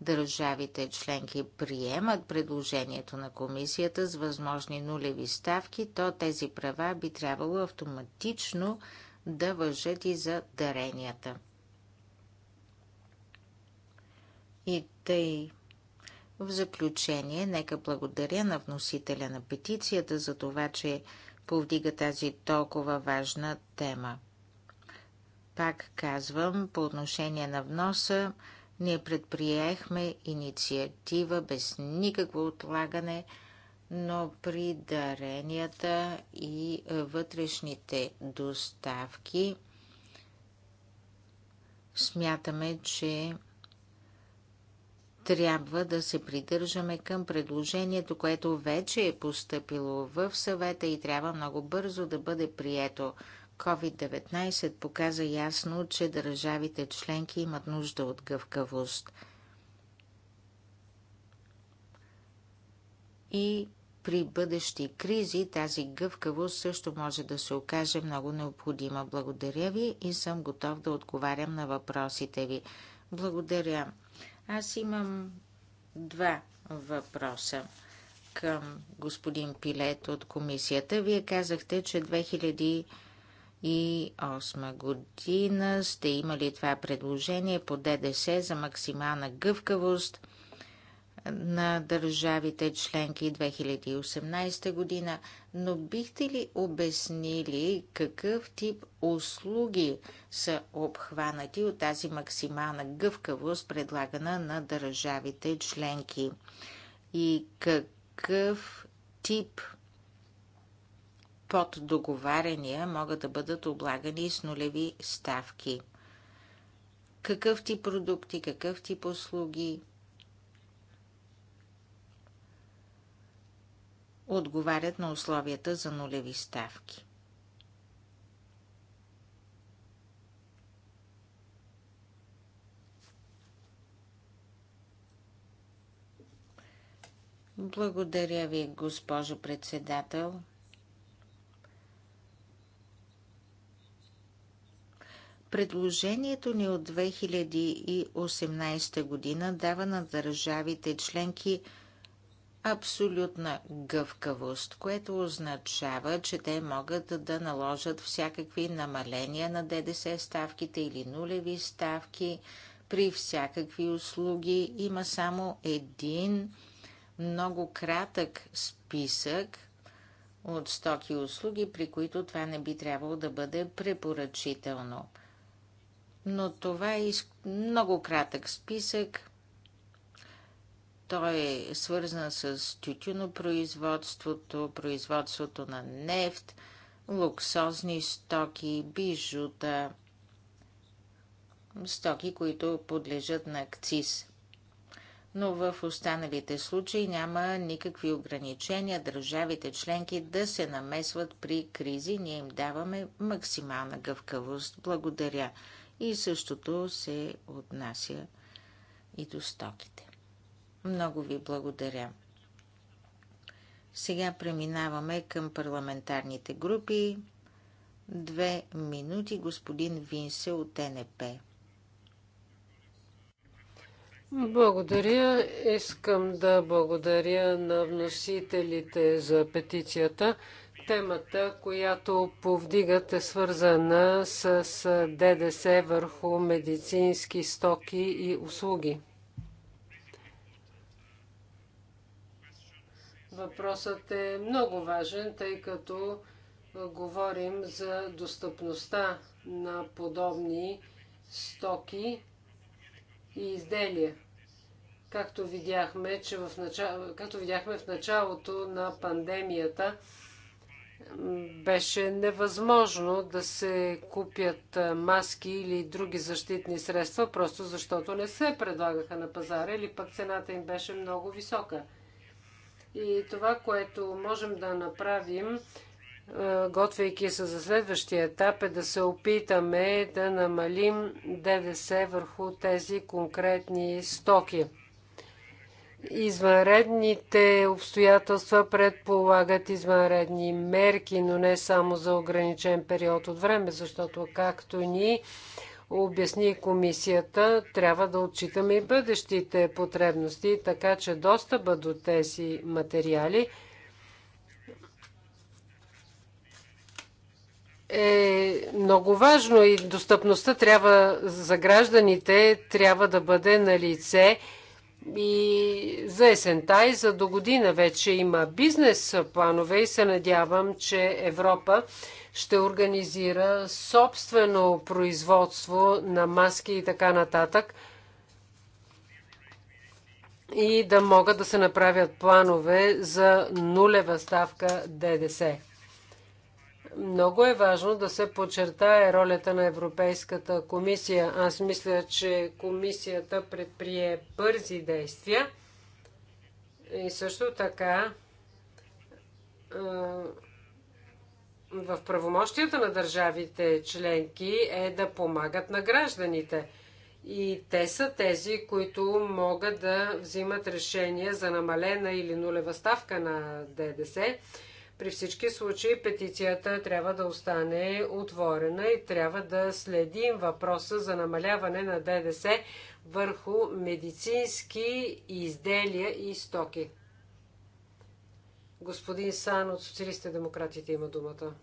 държавите членки приемат предложението на комисията с възможни нулеви ставки, то тези права би трябвало автоматично да въжат и за даренията. И тъй. В заключение, нека благодаря на вносителя на петицията за това, че повдига тази толкова важна тема. Пак казвам, по отношение на вноса, ние предприехме инициатива без никакво отлагане, но при даренията и вътрешните доставки смятаме, че трябва да се придържаме към предложението, което вече е поступило в съвета и трябва много бързо да бъде прието. COVID-19 показа ясно, че държавите членки имат нужда от гъвкавост. И при бъдещи кризи тази гъвкавост също може да се окаже много необходима. Благодаря ви и съм готов да отговарям на въпросите ви. Благодаря. Аз имам два въпроса към господин Пилет от комисията. Вие казахте, че 2008 година сте имали това предложение по ДДС за максимална гъвкавост на държавите членки 2018 година, но бихте ли обяснили какъв тип услуги са обхванати от тази максимална гъвкавост, предлагана на държавите членки? И какъв тип поддоговаряния могат да бъдат облагани с нулеви ставки? Какъв тип продукти, какъв тип услуги? отговарят на условията за нулеви ставки. Благодаря ви, госпожо председател. Предложението ни от 2018 година дава на държавите членки – абсолютна гъвкавост, което означава, че те могат да наложат всякакви намаления на ДДС ставките или нулеви ставки при всякакви услуги. Има само един много кратък списък от стоки и услуги, при които това не би трябвало да бъде препоръчително. Но това е много кратък списък, той е свързан с тютюнопроизводството, производството на нефт, луксозни стоки, бижута, стоки, които подлежат на акциз. Но в останалите случаи няма никакви ограничения държавите членки да се намесват при кризи. Ние им даваме максимална гъвкавост. Благодаря. И същото се отнася и до стоките. Много ви благодаря. Сега преминаваме към парламентарните групи. Две минути господин Винсе от НП. Благодаря. Искам да благодаря на вносителите за петицията. Темата, която повдигат е свързана с ДДС върху медицински стоки и услуги. Въпросът е много важен, тъй като говорим за достъпността на подобни стоки и изделия. Както видяхме, че в начало, както видяхме в началото на пандемията, беше невъзможно да се купят маски или други защитни средства, просто защото не се предлагаха на пазара или пък цената им беше много висока. И това, което можем да направим, е, готвейки се за следващия етап, е да се опитаме да намалим ДДС върху тези конкретни стоки. Извънредните обстоятелства предполагат извънредни мерки, но не само за ограничен период от време, защото както ни обясни комисията, трябва да отчитаме и бъдещите потребности, така че достъпа до тези материали е много важно и достъпността трябва за гражданите трябва да бъде на лице и за есента и за до година вече има бизнес планове и се надявам, че Европа ще организира собствено производство на маски и така нататък и да могат да се направят планове за нулева ставка ДДС. Много е важно да се подчертае ролята на Европейската комисия. Аз мисля, че комисията предприе бързи действия и също така в правомощията на държавите членки е да помагат на гражданите. И те са тези, които могат да взимат решения за намалена или нулева ставка на ДДС при всички случаи петицията трябва да остане отворена и трябва да следим въпроса за намаляване на ДДС върху медицински изделия и стоки. Господин Сан от Социалистите демократите има думата.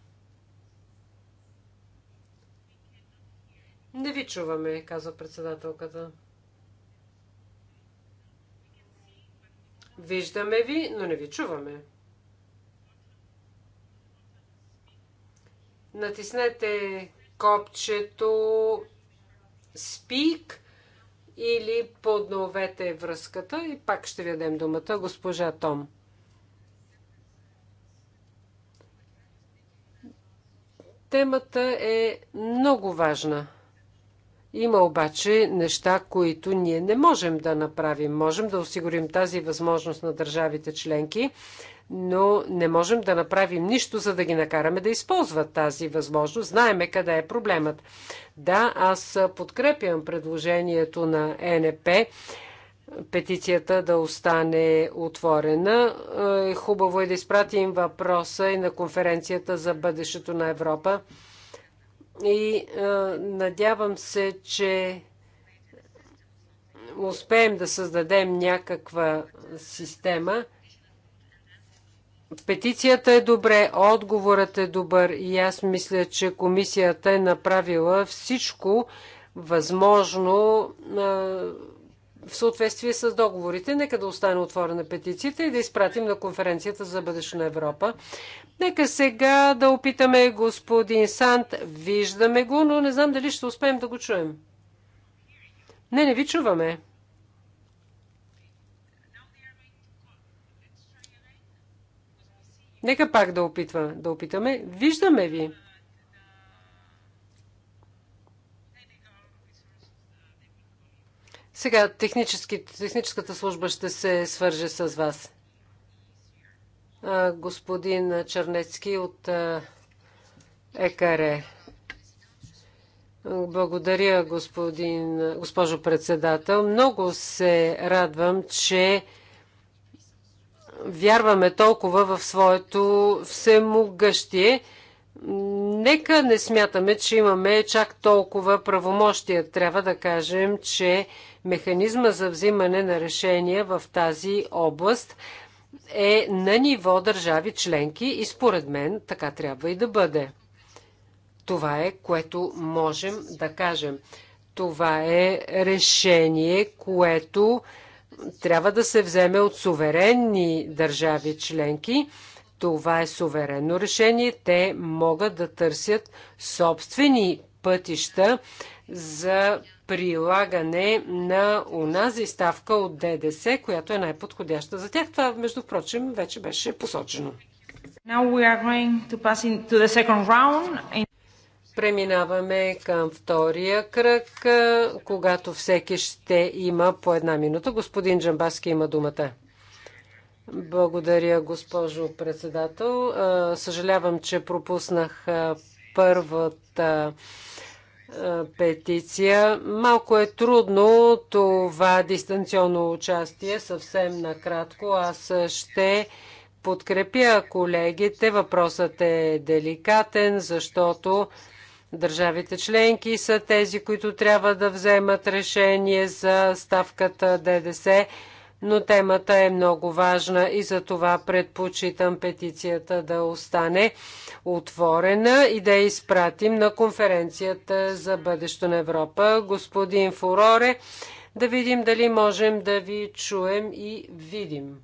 Не ви чуваме, каза председателката. Виждаме ви, но не ви чуваме. натиснете копчето Speak или подновете връзката и пак ще ви дадем думата, госпожа Том. Темата е много важна. Има обаче неща, които ние не можем да направим. Можем да осигурим тази възможност на държавите членки, но не можем да направим нищо, за да ги накараме да използват тази възможност. Знаеме къде е проблемът. Да, аз подкрепям предложението на ЕНП петицията да остане отворена. Е, хубаво е да изпратим въпроса и на конференцията за бъдещето на Европа. И е, надявам се, че успеем да създадем някаква система – Петицията е добре, отговорът е добър и аз мисля, че комисията е направила всичко възможно в съответствие с договорите. Нека да остане отворена петицията и да изпратим на конференцията за бъдещето на Европа. Нека сега да опитаме господин Сант. Виждаме го, но не знам дали ще успеем да го чуем. Не, не ви чуваме. Нека пак да, опитваме, да опитаме. Виждаме ви. Сега техническата служба ще се свърже с вас. Господин Чернецки от ЕКАРЕ. Благодаря, господин, госпожо председател. Много се радвам, че вярваме толкова в своето всемогъщие, нека не смятаме, че имаме чак толкова правомощия. Трябва да кажем, че механизма за взимане на решения в тази област е на ниво държави членки и според мен така трябва и да бъде. Това е, което можем да кажем. Това е решение, което трябва да се вземе от суверенни държави членки. Това е суверенно решение. Те могат да търсят собствени пътища за прилагане на унази ставка от ДДС, която е най-подходяща за тях. Това, между прочим, вече беше посочено. And... Преминаваме към втория кръг, когато всеки ще има по една минута. Господин Джамбаски има думата. Благодаря, госпожо председател. Съжалявам, че пропуснах първата петиция. Малко е трудно това дистанционно участие. Съвсем накратко аз ще подкрепя колегите. Въпросът е деликатен, защото Държавите членки са тези, които трябва да вземат решение за ставката ДДС, но темата е много важна и за това предпочитам петицията да остане отворена и да я изпратим на конференцията за бъдещето на Европа. Господин Фуроре, да видим дали можем да ви чуем и видим.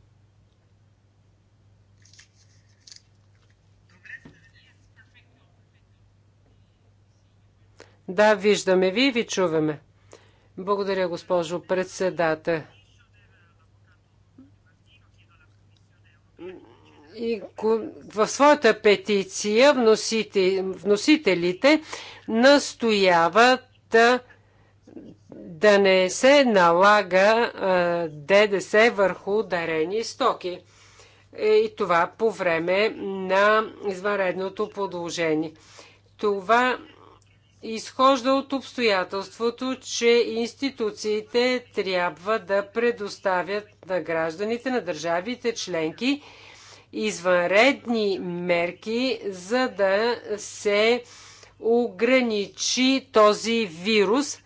Да, виждаме ви и ви чуваме. Благодаря, госпожо председател. И в своята петиция вносителите настояват да не се налага ДДС върху дарени стоки. Е, и това по време на извънредното подложение. Това изхожда от обстоятелството, че институциите трябва да предоставят на гражданите на държавите членки извънредни мерки, за да се ограничи този вирус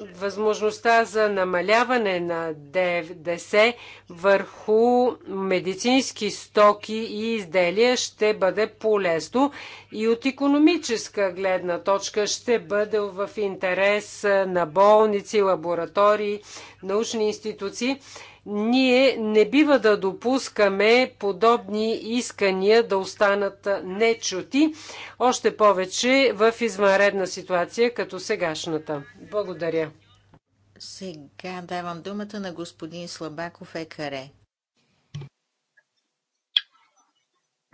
възможността за намаляване на ДДС върху медицински стоки и изделия ще бъде полезно и от економическа гледна точка ще бъде в интерес на болници, лаборатории, научни институции. Ние не бива да допускаме подобни искания да останат нечути, още повече в извънредна ситуация като сегашната. Благодаря. Сега давам думата на господин Слабаков Екаре.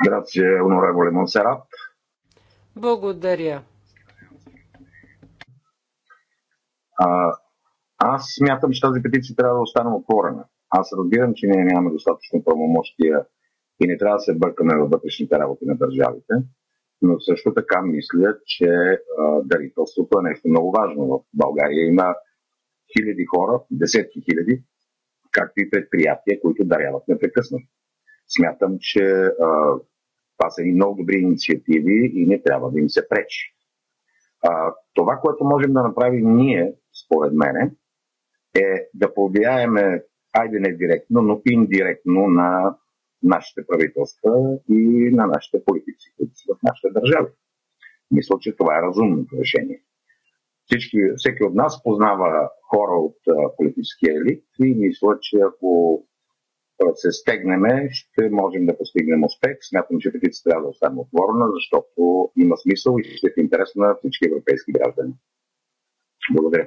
Грация, онореволе Монсерат. Благодаря. А, аз смятам, че тази петиция трябва да остане отворена. Аз разбирам, че ние нямаме достатъчно правомощия и не трябва да се бъркаме във вътрешните работи на държавите, но също така мисля, че дарителството е нещо много важно. В България има хиляди хора, десетки хиляди, както и предприятия, които даряват непрекъснато. Смятам, че а, това са и много добри инициативи и не трябва да им се пречи. А, това, което можем да направим ние, според мене, е да повлияеме айде не директно, но индиректно на нашите правителства и на нашите политици, които са в нашите държави. Мисля, че това е разумното решение. Всички, всеки от нас познава хора от политическия елит и мисля, че ако се стегнеме, ще можем да постигнем успех. Смятам, че петицията трябва да остане отворена, защото има смисъл и ще е в интерес на всички европейски граждани. Благодаря.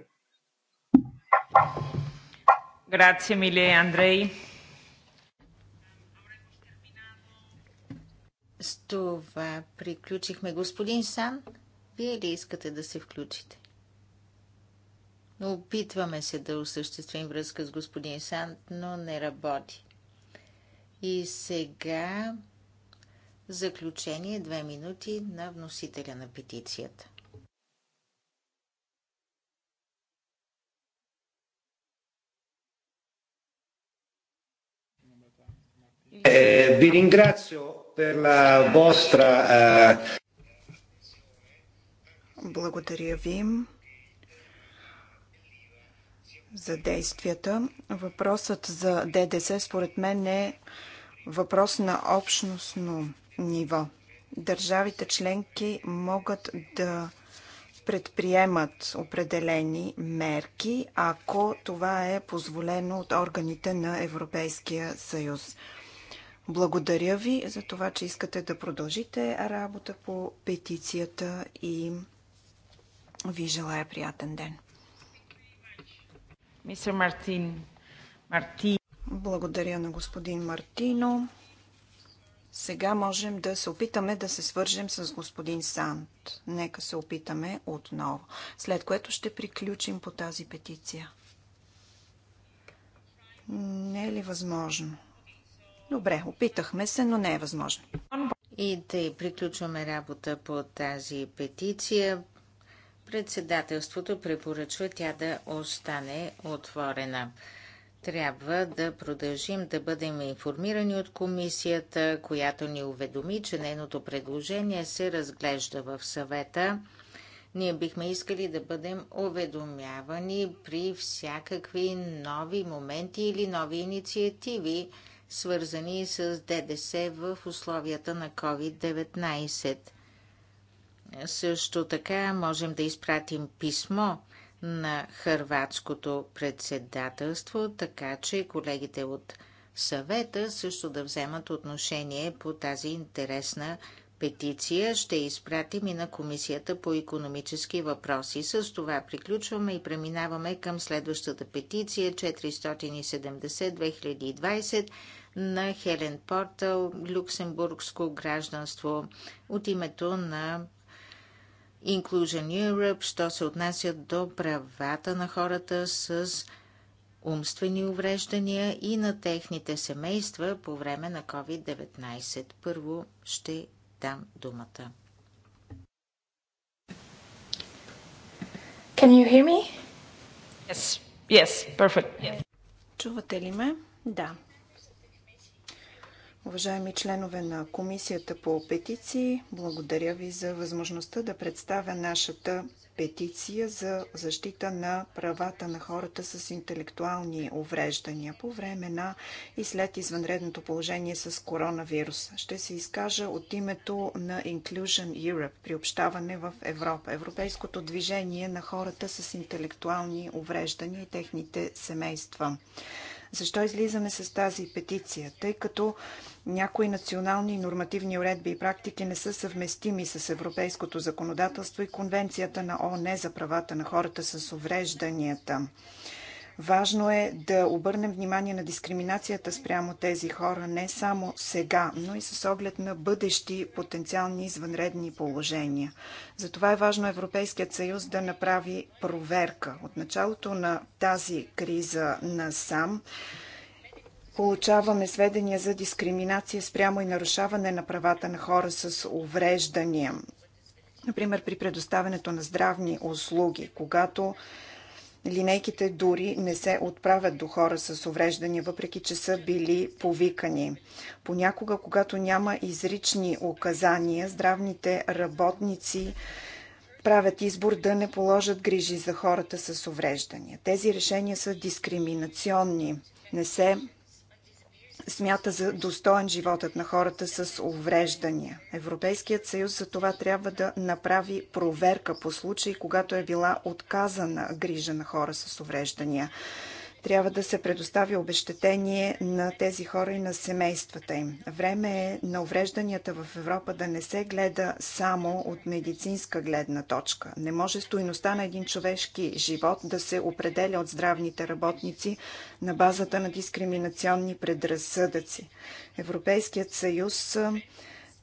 Grazie mille, Андрей. С това приключихме. Господин Сан, вие ли искате да се включите? Но опитваме се да осъществим връзка с господин Сан, но не работи. И сега заключение две минути на вносителя на петицията. Eh, vi ringrazio per la vostra... Eh, Благодаря ви за действията. Въпросът за ДДС според мен е въпрос на общностно ниво. Държавите членки могат да предприемат определени мерки, ако това е позволено от органите на Европейския съюз. Благодаря ви за това, че искате да продължите работа по петицията и ви желая приятен ден. Мисър Мартин. Марти. Благодаря на господин Мартино. Сега можем да се опитаме да се свържем с господин Сант. Нека се опитаме отново, след което ще приключим по тази петиция. Не е ли възможно? Добре, опитахме се, но не е възможно. И да приключваме работа по тази петиция. Председателството препоръчва тя да остане отворена. Трябва да продължим да бъдем информирани от комисията, която ни уведоми, че нейното предложение се разглежда в съвета. Ние бихме искали да бъдем уведомявани при всякакви нови моменти или нови инициативи свързани с ДДС в условията на COVID-19. Също така можем да изпратим писмо на хърватското председателство, така че колегите от съвета също да вземат отношение по тази интересна петиция ще изпратим и на Комисията по економически въпроси. С това приключваме и преминаваме към следващата петиция 470-2020 на Хелен Портал, люксембургско гражданство от името на Inclusion Europe, що се отнася до правата на хората с умствени увреждания и на техните семейства по време на COVID-19. Първо ще дам думата. Can you hear me? Yes. Yes, perfect. Yes. Чувате ли ме? Да. Уважаеми членове на Комисията по петиции, благодаря ви за възможността да представя нашата петиция за защита на правата на хората с интелектуални увреждания по време на и след извънредното положение с коронавирус. Ще се изкажа от името на Inclusion Europe, приобщаване в Европа, Европейското движение на хората с интелектуални увреждания и техните семейства. Защо излизаме с тази петиция? Тъй като някои национални нормативни уредби и практики не са съвместими с европейското законодателство и Конвенцията на ООН за правата на хората с уврежданията. Важно е да обърнем внимание на дискриминацията спрямо тези хора не само сега, но и с оглед на бъдещи потенциални извънредни положения. Затова е важно Европейският съюз да направи проверка. От началото на тази криза на сам получаваме сведения за дискриминация спрямо и нарушаване на правата на хора с увреждания. Например, при предоставянето на здравни услуги, когато линейките дори не се отправят до хора с увреждания, въпреки че са били повикани. Понякога, когато няма изрични указания, здравните работници правят избор да не положат грижи за хората с увреждания. Тези решения са дискриминационни. Не се смята за достоен животът на хората с увреждания. Европейският съюз за това трябва да направи проверка по случаи, когато е била отказана грижа на хора с увреждания. Трябва да се предостави обещетение на тези хора и на семействата им. Време е на уврежданията в Европа да не се гледа само от медицинска гледна точка. Не може стоиността на един човешки живот да се определя от здравните работници на базата на дискриминационни предразсъдъци. Европейският съюз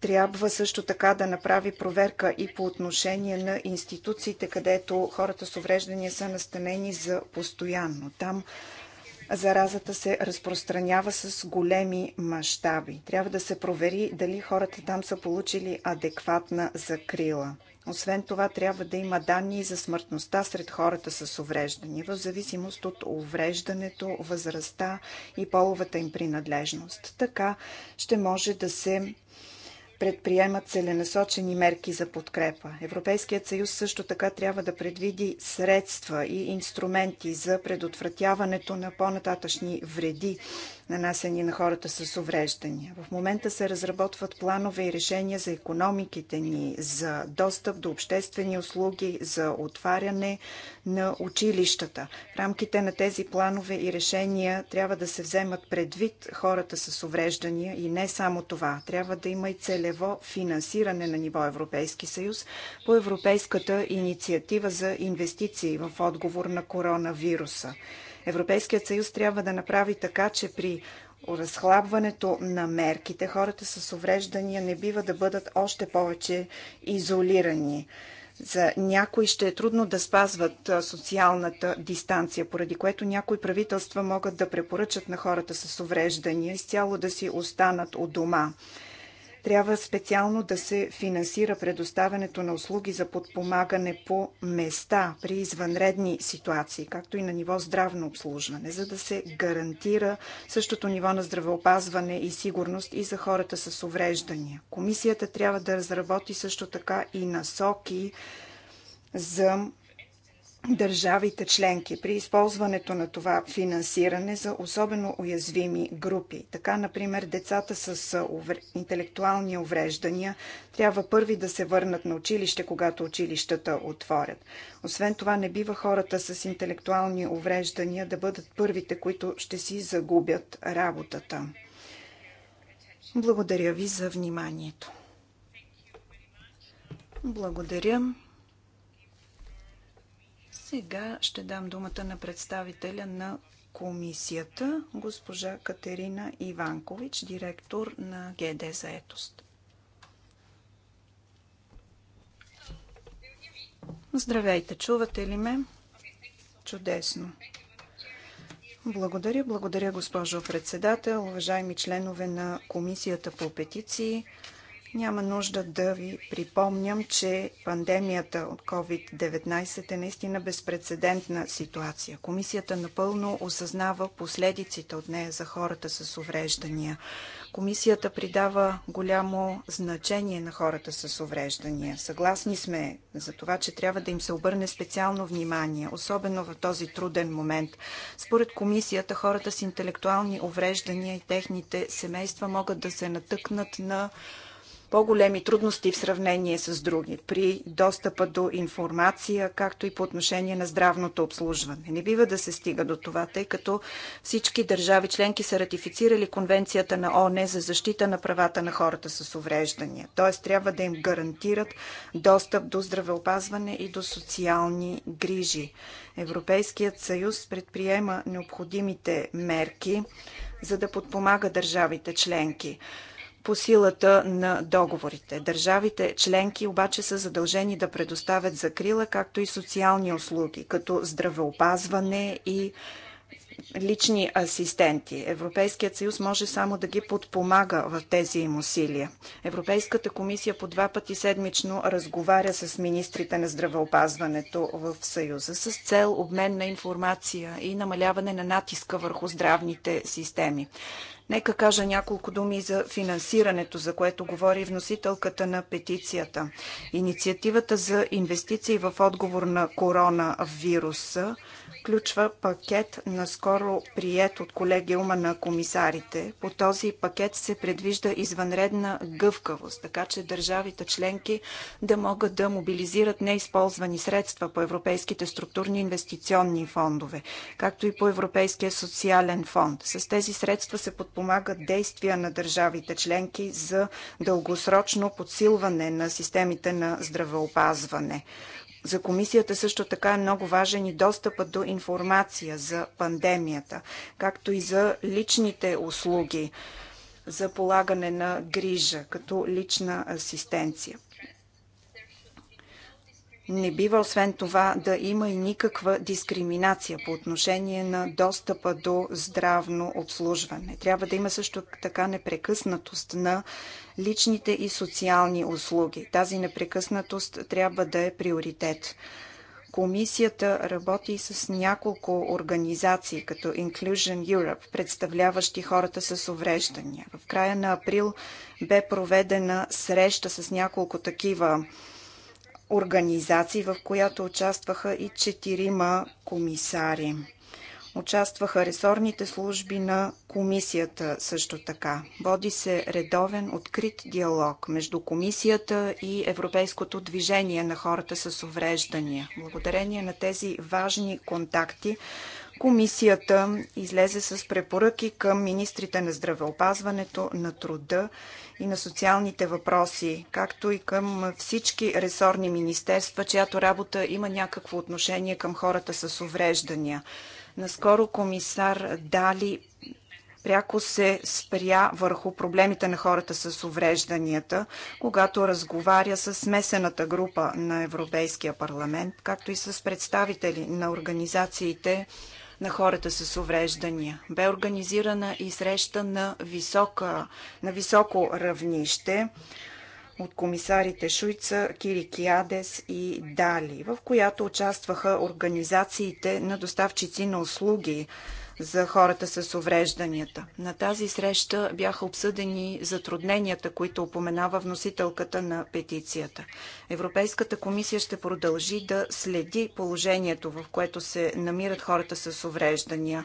трябва също така да направи проверка и по отношение на институциите, където хората с увреждания са настанени за постоянно. Там заразата се разпространява с големи мащаби. Трябва да се провери дали хората там са получили адекватна закрила. Освен това, трябва да има данни за смъртността сред хората с увреждания, в зависимост от увреждането, възрастта и половата им принадлежност. Така ще може да се Предприема целенасочени мерки за подкрепа. Европейският съюз също така трябва да предвиди средства и инструменти за предотвратяването на по-нататъчни вреди нанасени на хората с увреждания. В момента се разработват планове и решения за економиките ни, за достъп до обществени услуги, за отваряне на училищата. В рамките на тези планове и решения трябва да се вземат предвид хората с увреждания и не само това. Трябва да има и целево финансиране на ниво Европейски съюз по Европейската инициатива за инвестиции в отговор на коронавируса. Европейският съюз трябва да направи така, че при разхлабването на мерките хората с увреждания не бива да бъдат още повече изолирани. За някои ще е трудно да спазват социалната дистанция, поради което някои правителства могат да препоръчат на хората с увреждания изцяло да си останат у дома трябва специално да се финансира предоставянето на услуги за подпомагане по места при извънредни ситуации, както и на ниво здравно обслужване, за да се гарантира същото ниво на здравеопазване и сигурност и за хората с увреждания. Комисията трябва да разработи също така и насоки за държавите членки при използването на това финансиране за особено уязвими групи. Така, например, децата с интелектуални увреждания трябва първи да се върнат на училище, когато училищата отворят. Освен това, не бива хората с интелектуални увреждания да бъдат първите, които ще си загубят работата. Благодаря ви за вниманието. Благодаря. Сега ще дам думата на представителя на комисията, госпожа Катерина Иванкович, директор на ГД за етост. Здравейте, чувате ли ме? Чудесно. Благодаря, благодаря, госпожо председател, уважаеми членове на Комисията по петиции, няма нужда да ви припомням, че пандемията от COVID-19 е наистина безпредседентна ситуация. Комисията напълно осъзнава последиците от нея за хората с увреждания. Комисията придава голямо значение на хората с увреждания. Съгласни сме за това, че трябва да им се обърне специално внимание, особено в този труден момент. Според комисията, хората с интелектуални увреждания и техните семейства могат да се натъкнат на по-големи трудности в сравнение с други при достъпа до информация, както и по отношение на здравното обслужване. Не бива да се стига до това, тъй като всички държави членки са ратифицирали Конвенцията на ОНЕ за защита на правата на хората с увреждания. Т.е. трябва да им гарантират достъп до здравеопазване и до социални грижи. Европейският съюз предприема необходимите мерки, за да подпомага държавите членки по силата на договорите. Държавите членки обаче са задължени да предоставят закрила, както и социални услуги, като здравеопазване и лични асистенти. Европейският съюз може само да ги подпомага в тези им усилия. Европейската комисия по два пъти седмично разговаря с министрите на здравеопазването в Съюза с цел обмен на информация и намаляване на натиска върху здравните системи. Нека кажа няколко думи за финансирането, за което говори вносителката на петицията. Инициативата за инвестиции в отговор на коронавируса включва пакет, наскоро прият от колегиума на комисарите. По този пакет се предвижда извънредна гъвкавост, така че държавите членки да могат да мобилизират неизползвани средства по европейските структурни инвестиционни фондове, както и по Европейския социален фонд. С тези средства се подпомагат действия на държавите членки за дългосрочно подсилване на системите на здравеопазване. За комисията също така е много важен и достъпът до информация за пандемията, както и за личните услуги за полагане на грижа, като лична асистенция. Не бива освен това да има и никаква дискриминация по отношение на достъпа до здравно обслужване. Трябва да има също така непрекъснатост на личните и социални услуги. Тази непрекъснатост трябва да е приоритет. Комисията работи с няколко организации, като Inclusion Europe, представляващи хората с увреждания. В края на април бе проведена среща с няколко такива организации, в която участваха и четирима комисари. Участваха ресорните служби на комисията също така. Води се редовен, открит диалог между комисията и Европейското движение на хората с увреждания. Благодарение на тези важни контакти Комисията излезе с препоръки към министрите на здравеопазването, на труда и на социалните въпроси, както и към всички ресорни министерства, чиято работа има някакво отношение към хората с увреждания. Наскоро комисар Дали пряко се спря върху проблемите на хората с уврежданията, когато разговаря с смесената група на Европейския парламент, както и с представители на организациите, на хората с увреждания. Бе организирана и среща на, висока, на високо равнище от комисарите Шуйца, Кирикиадес и Дали, в която участваха организациите на доставчици на услуги за хората с уврежданията. На тази среща бяха обсъдени затрудненията, които упоменава вносителката на петицията. Европейската комисия ще продължи да следи положението, в което се намират хората с увреждания,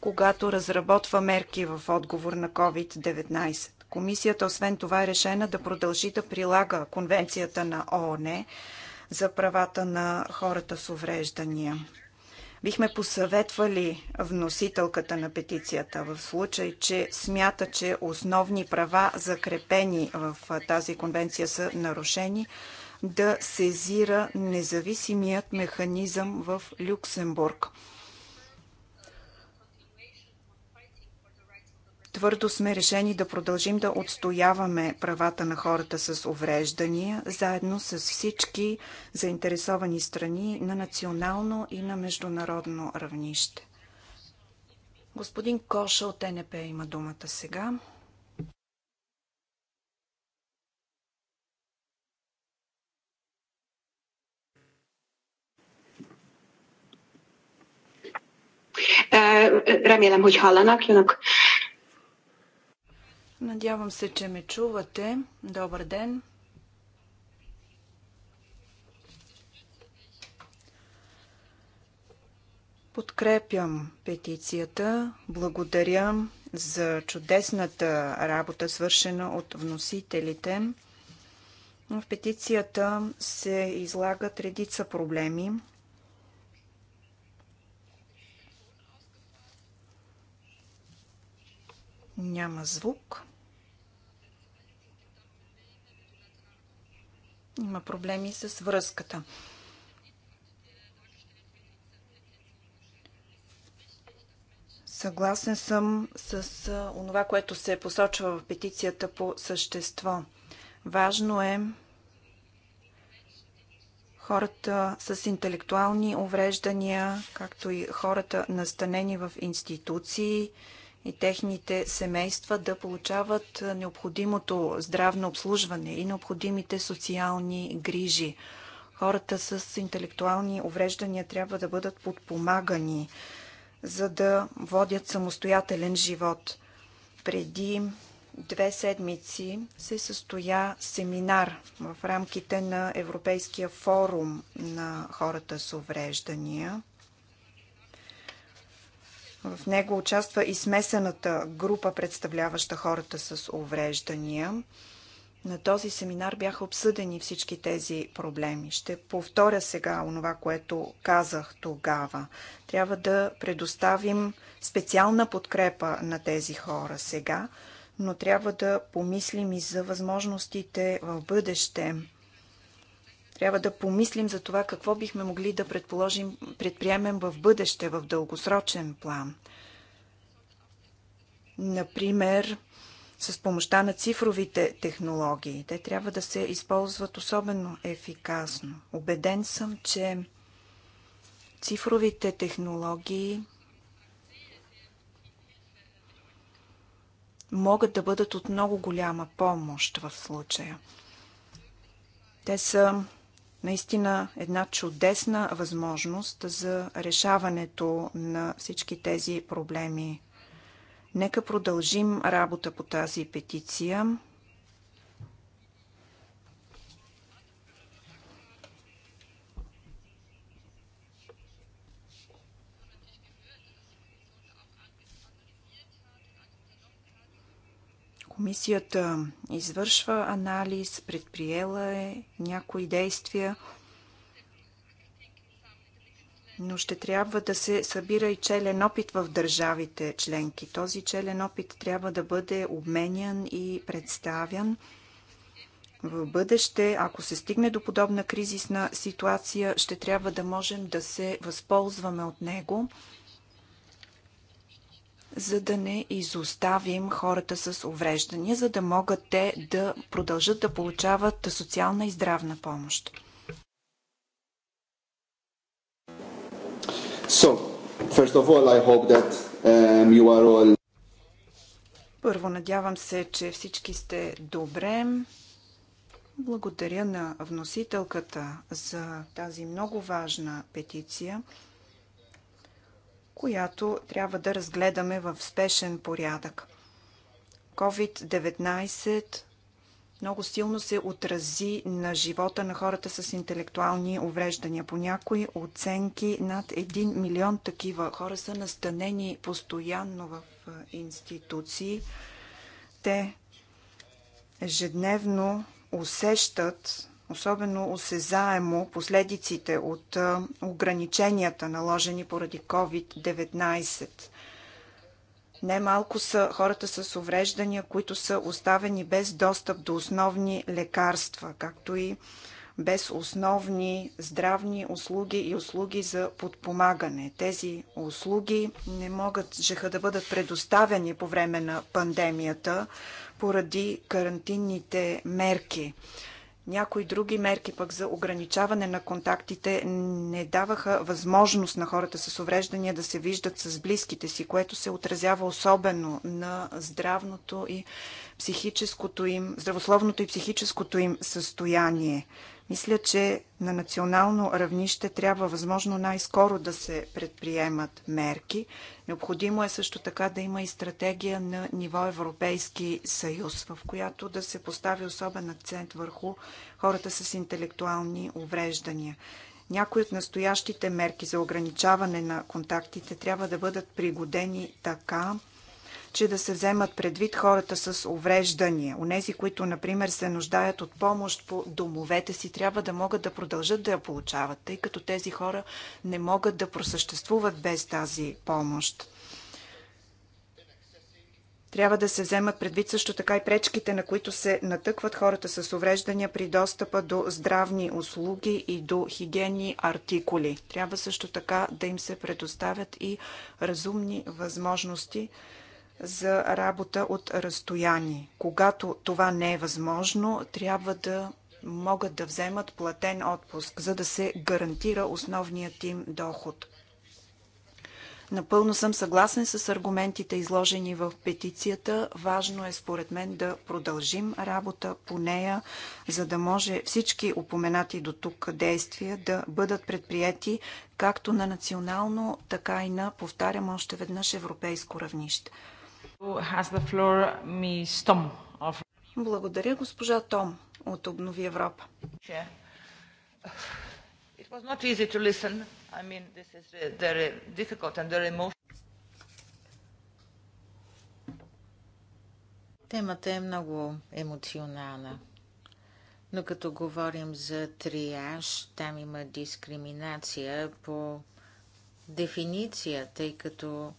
когато разработва мерки в отговор на COVID-19. Комисията освен това е решена да продължи да прилага Конвенцията на ООН за правата на хората с увреждания. Бихме посъветвали вносителката на петицията в случай, че смята, че основни права, закрепени в тази конвенция, са нарушени, да сезира независимият механизъм в Люксембург. Твърдо сме решени да продължим да отстояваме правата на хората с увреждания, заедно с всички заинтересовани страни на национално и на международно равнище. Господин Коша от НП има думата сега. Remélem, hogy hallanak, jönök. Надявам се, че ме чувате. Добър ден! Подкрепям петицията. Благодаря за чудесната работа, свършена от вносителите. В петицията се излагат редица проблеми, Няма звук. Има проблеми с връзката. Съгласен съм с това, което се посочва в петицията по същество. Важно е хората с интелектуални увреждания, както и хората настанени в институции, и техните семейства да получават необходимото здравно обслужване и необходимите социални грижи. Хората с интелектуални увреждания трябва да бъдат подпомагани, за да водят самостоятелен живот. Преди две седмици се състоя семинар в рамките на Европейския форум на хората с увреждания – в него участва и смесената група, представляваща хората с увреждания. На този семинар бяха обсъдени всички тези проблеми. Ще повторя сега онова, което казах тогава. Трябва да предоставим специална подкрепа на тези хора сега, но трябва да помислим и за възможностите в бъдеще. Трябва да помислим за това какво бихме могли да предположим, предприемем в бъдеще, в дългосрочен план. Например, с помощта на цифровите технологии. Те трябва да се използват особено ефикасно. Обеден съм, че цифровите технологии могат да бъдат от много голяма помощ в случая. Те са наистина една чудесна възможност за решаването на всички тези проблеми. Нека продължим работа по тази петиция. Комисията извършва анализ, предприела е някои действия, но ще трябва да се събира и челен опит в държавите членки. Този челен опит трябва да бъде обменян и представян. В бъдеще, ако се стигне до подобна кризисна ситуация, ще трябва да можем да се възползваме от него за да не изоставим хората с увреждания, за да могат те да продължат да получават социална и здравна помощ. So, first of all, I hope that um, you are all... Първо, надявам се, че всички сте добре. Благодаря на вносителката за тази много важна петиция – която трябва да разгледаме в спешен порядък. COVID-19 много силно се отрази на живота на хората с интелектуални увреждания. По някои оценки над 1 милион такива хора са настанени постоянно в институции. Те ежедневно усещат особено осезаемо последиците от ограниченията, наложени поради COVID-19. Немалко са хората с увреждания, които са оставени без достъп до основни лекарства, както и без основни здравни услуги и услуги за подпомагане. Тези услуги не могат жеха да бъдат предоставени по време на пандемията поради карантинните мерки. Някои други мерки пък за ограничаване на контактите не даваха възможност на хората с увреждания да се виждат с близките си, което се отразява особено на здравното и психическото им, здравословното и психическото им състояние. Мисля, че на национално равнище трябва възможно най-скоро да се предприемат мерки. Необходимо е също така да има и стратегия на ниво Европейски съюз, в която да се постави особен акцент върху хората с интелектуални увреждания. Някои от настоящите мерки за ограничаване на контактите трябва да бъдат пригодени така, че да се вземат предвид хората с увреждания. Унези, които, например, се нуждаят от помощ по домовете си, трябва да могат да продължат да я получават, тъй като тези хора не могат да просъществуват без тази помощ. Трябва да се вземат предвид също така и пречките, на които се натъкват хората с увреждания при достъпа до здравни услуги и до хигиени артикули. Трябва също така да им се предоставят и разумни възможности за работа от разстояние. Когато това не е възможно, трябва да могат да вземат платен отпуск, за да се гарантира основният им доход. Напълно съм съгласен с аргументите, изложени в петицията. Важно е, според мен, да продължим работа по нея, за да може всички упоменати до тук действия да бъдат предприяти както на национално, така и на, повтарям още веднъж, европейско равнище. Благодаря, госпожа Том от Обнови Европа. Темата е много емоционална. Но като говорим за триаж, там има дискриминация по дефиниция, тъй като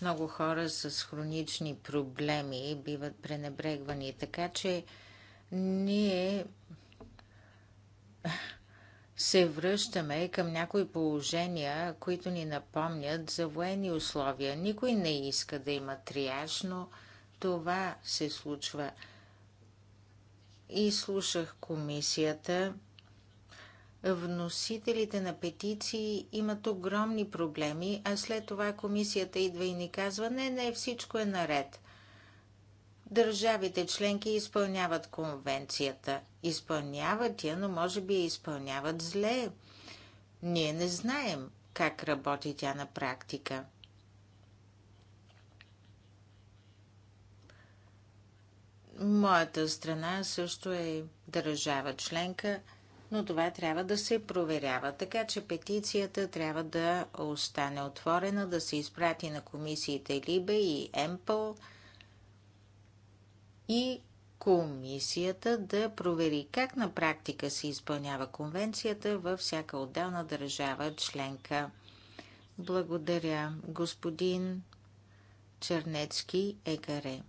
много хора с хронични проблеми биват пренебрегвани, така че ние се връщаме към някои положения, които ни напомнят за военни условия. Никой не иска да има триаж, но това се случва. И слушах комисията вносителите на петиции имат огромни проблеми, а след това комисията идва и ни казва, не, не, всичко е наред. Държавите членки изпълняват конвенцията. Изпълняват я, но може би я изпълняват зле. Ние не знаем как работи тя на практика. Моята страна също е държава членка – но това трябва да се проверява. Така че петицията трябва да остане отворена, да се изпрати на комисиите Либе и Емпъл и комисията да провери как на практика се изпълнява конвенцията във всяка отделна държава членка. Благодаря, господин Чернецки Егаре.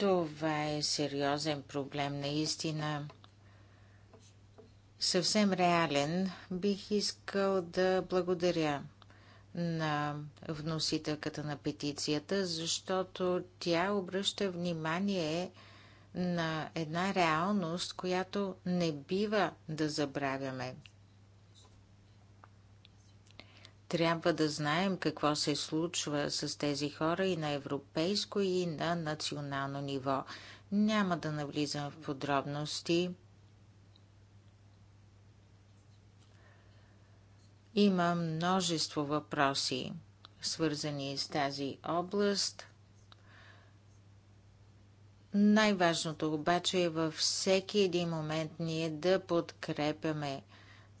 Това е сериозен проблем, наистина. Съвсем реален бих искал да благодаря на вносителката на петицията, защото тя обръща внимание на една реалност, която не бива да забравяме. Трябва да знаем какво се случва с тези хора и на европейско, и на национално ниво. Няма да навлизам в подробности. Има множество въпроси, свързани с тази област. Най-важното обаче е във всеки един момент ние да подкрепяме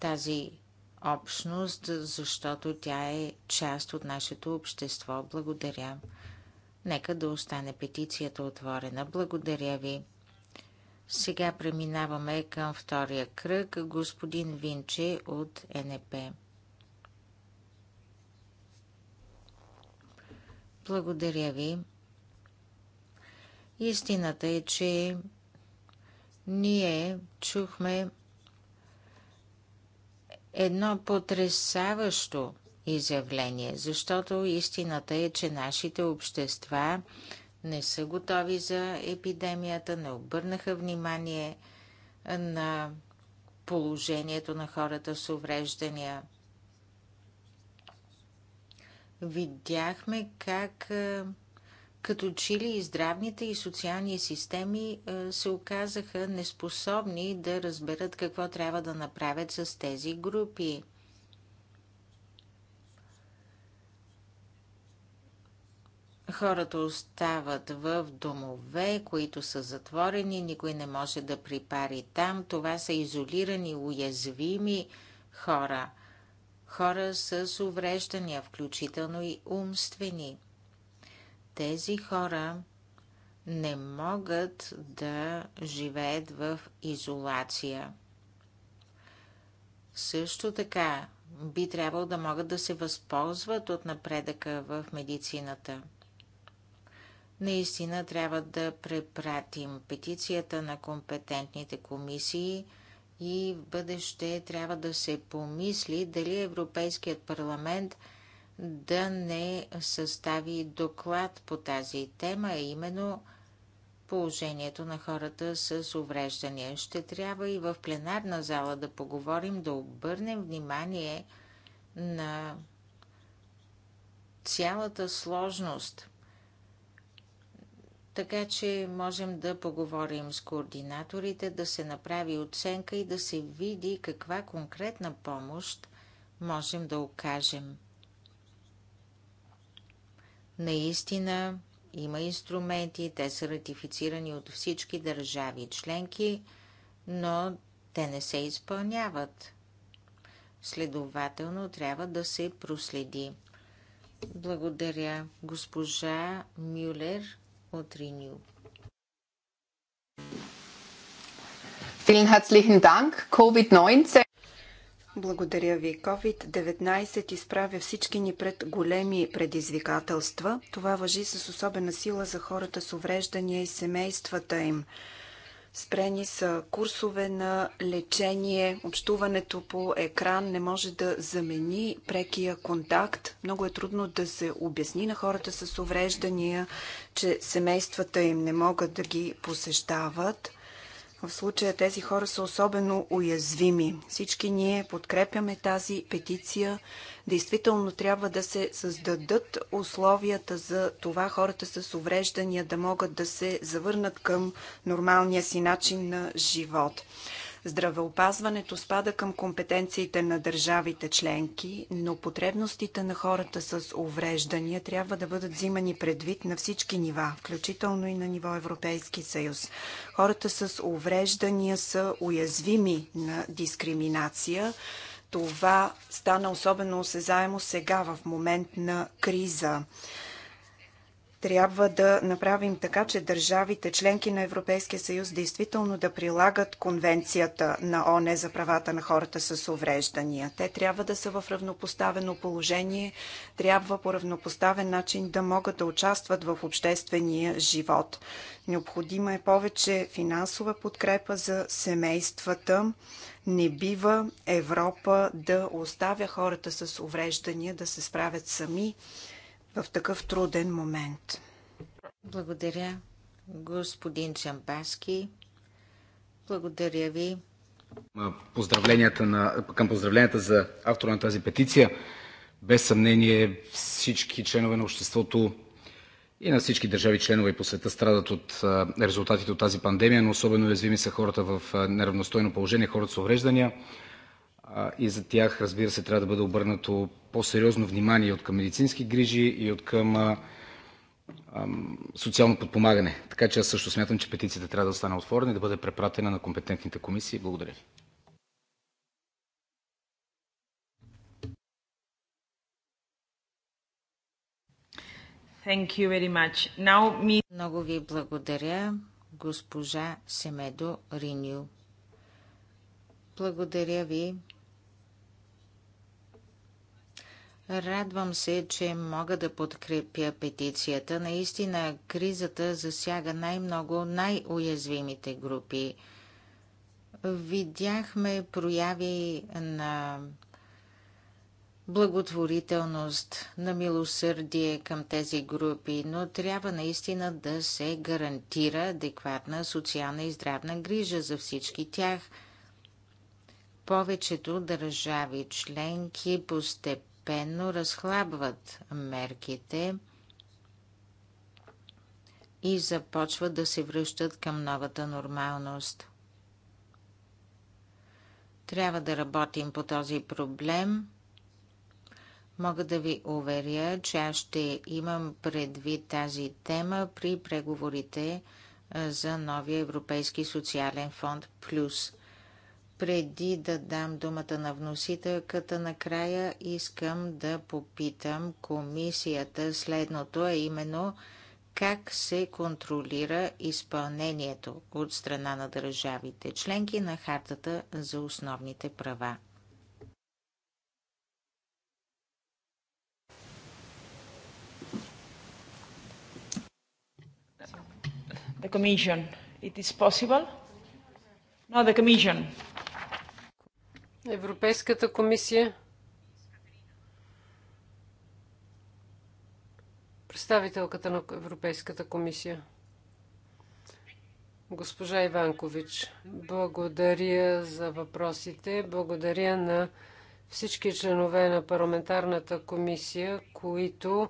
тази общност, защото тя е част от нашето общество. Благодаря. Нека да остане петицията отворена. Благодаря ви. Сега преминаваме към втория кръг. Господин Винче от НП. Благодаря ви. Истината е, че ние чухме едно потрясаващо изявление, защото истината е, че нашите общества не са готови за епидемията, не обърнаха внимание на положението на хората с увреждания. Видяхме как като че ли и здравните и социални системи е, се оказаха неспособни да разберат какво трябва да направят с тези групи. Хората остават в домове, които са затворени, никой не може да припари там. Това са изолирани, уязвими хора. Хора с увреждания, включително и умствени. Тези хора не могат да живеят в изолация. Също така би трябвало да могат да се възползват от напредъка в медицината. Наистина трябва да препратим петицията на компетентните комисии и в бъдеще трябва да се помисли дали Европейският парламент – да не състави доклад по тази тема, а именно положението на хората с увреждания. Ще трябва и в пленарна зала да поговорим, да обърнем внимание на цялата сложност. Така че можем да поговорим с координаторите, да се направи оценка и да се види каква конкретна помощ можем да окажем. Наистина има инструменти, те са ратифицирани от всички държави членки, но те не се изпълняват. Следователно трябва да се проследи. Благодаря, госпожа Мюлер от Риню. Vielen herzlichen Dank. COVID-19 благодаря ви. COVID-19 изправя всички ни пред големи предизвикателства. Това въжи с особена сила за хората с увреждания и семействата им. Спрени са курсове на лечение, общуването по екран не може да замени прекия контакт. Много е трудно да се обясни на хората с увреждания, че семействата им не могат да ги посещават – в случая тези хора са особено уязвими. Всички ние подкрепяме тази петиция. Действително трябва да се създадат условията за това хората с увреждания да могат да се завърнат към нормалния си начин на живот. Здравеопазването спада към компетенциите на държавите членки, но потребностите на хората с увреждания трябва да бъдат взимани предвид на всички нива, включително и на ниво Европейски съюз. Хората с увреждания са уязвими на дискриминация. Това стана особено осезаемо сега в момент на криза трябва да направим така, че държавите членки на Европейския съюз действително да прилагат конвенцията на ОНЕ за правата на хората с увреждания. Те трябва да са в равнопоставено положение, трябва по равнопоставен начин да могат да участват в обществения живот. Необходима е повече финансова подкрепа за семействата. Не бива Европа да оставя хората с увреждания да се справят сами в такъв труден момент. Благодаря, господин Чампаски. Благодаря ви. Поздравленията на, към поздравленията за автора на тази петиция. Без съмнение всички членове на обществото и на всички държави членове по света страдат от резултатите от тази пандемия, но особено уязвими са хората в неравностойно положение, хората с увреждания и за тях, разбира се, трябва да бъде обърнато по-сериозно внимание от към медицински грижи и от към социално подпомагане. Така че аз също смятам, че петицията трябва да остане отворена и да бъде препратена на компетентните комисии. Благодаря Ви. Thank you very much. Now, me... Много ви благодаря, госпожа Семедо Риню. Благодаря ви. Радвам се, че мога да подкрепя петицията. Наистина, кризата засяга най-много най-уязвимите групи. Видяхме прояви на благотворителност, на милосърдие към тези групи, но трябва наистина да се гарантира адекватна социална и здравна грижа за всички тях. Повечето държави членки постепенно постепенно разхлабват мерките и започват да се връщат към новата нормалност. Трябва да работим по този проблем. Мога да ви уверя, че аз ще имам предвид тази тема при преговорите за новия Европейски социален фонд Плюс. Преди да дам думата на вносителката, накрая искам да попитам комисията следното, а е именно как се контролира изпълнението от страна на държавите, членки на Хартата за основните права. The Commission. It is possible? No, the Commission. Европейската комисия. Представителката на Европейската комисия. Госпожа Иванкович, благодаря за въпросите. Благодаря на всички членове на парламентарната комисия, които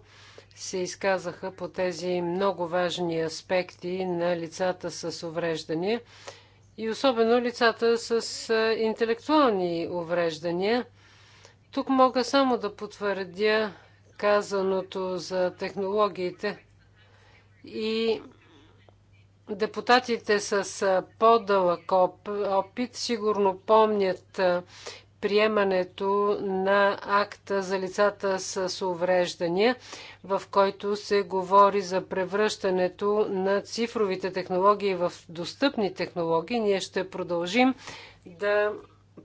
се изказаха по тези много важни аспекти на лицата с увреждания и особено лицата с интелектуални увреждания. Тук мога само да потвърдя казаното за технологиите и депутатите с по-дълъг опит сигурно помнят приемането на акта за лицата с увреждания, в който се говори за превръщането на цифровите технологии в достъпни технологии. Ние ще продължим да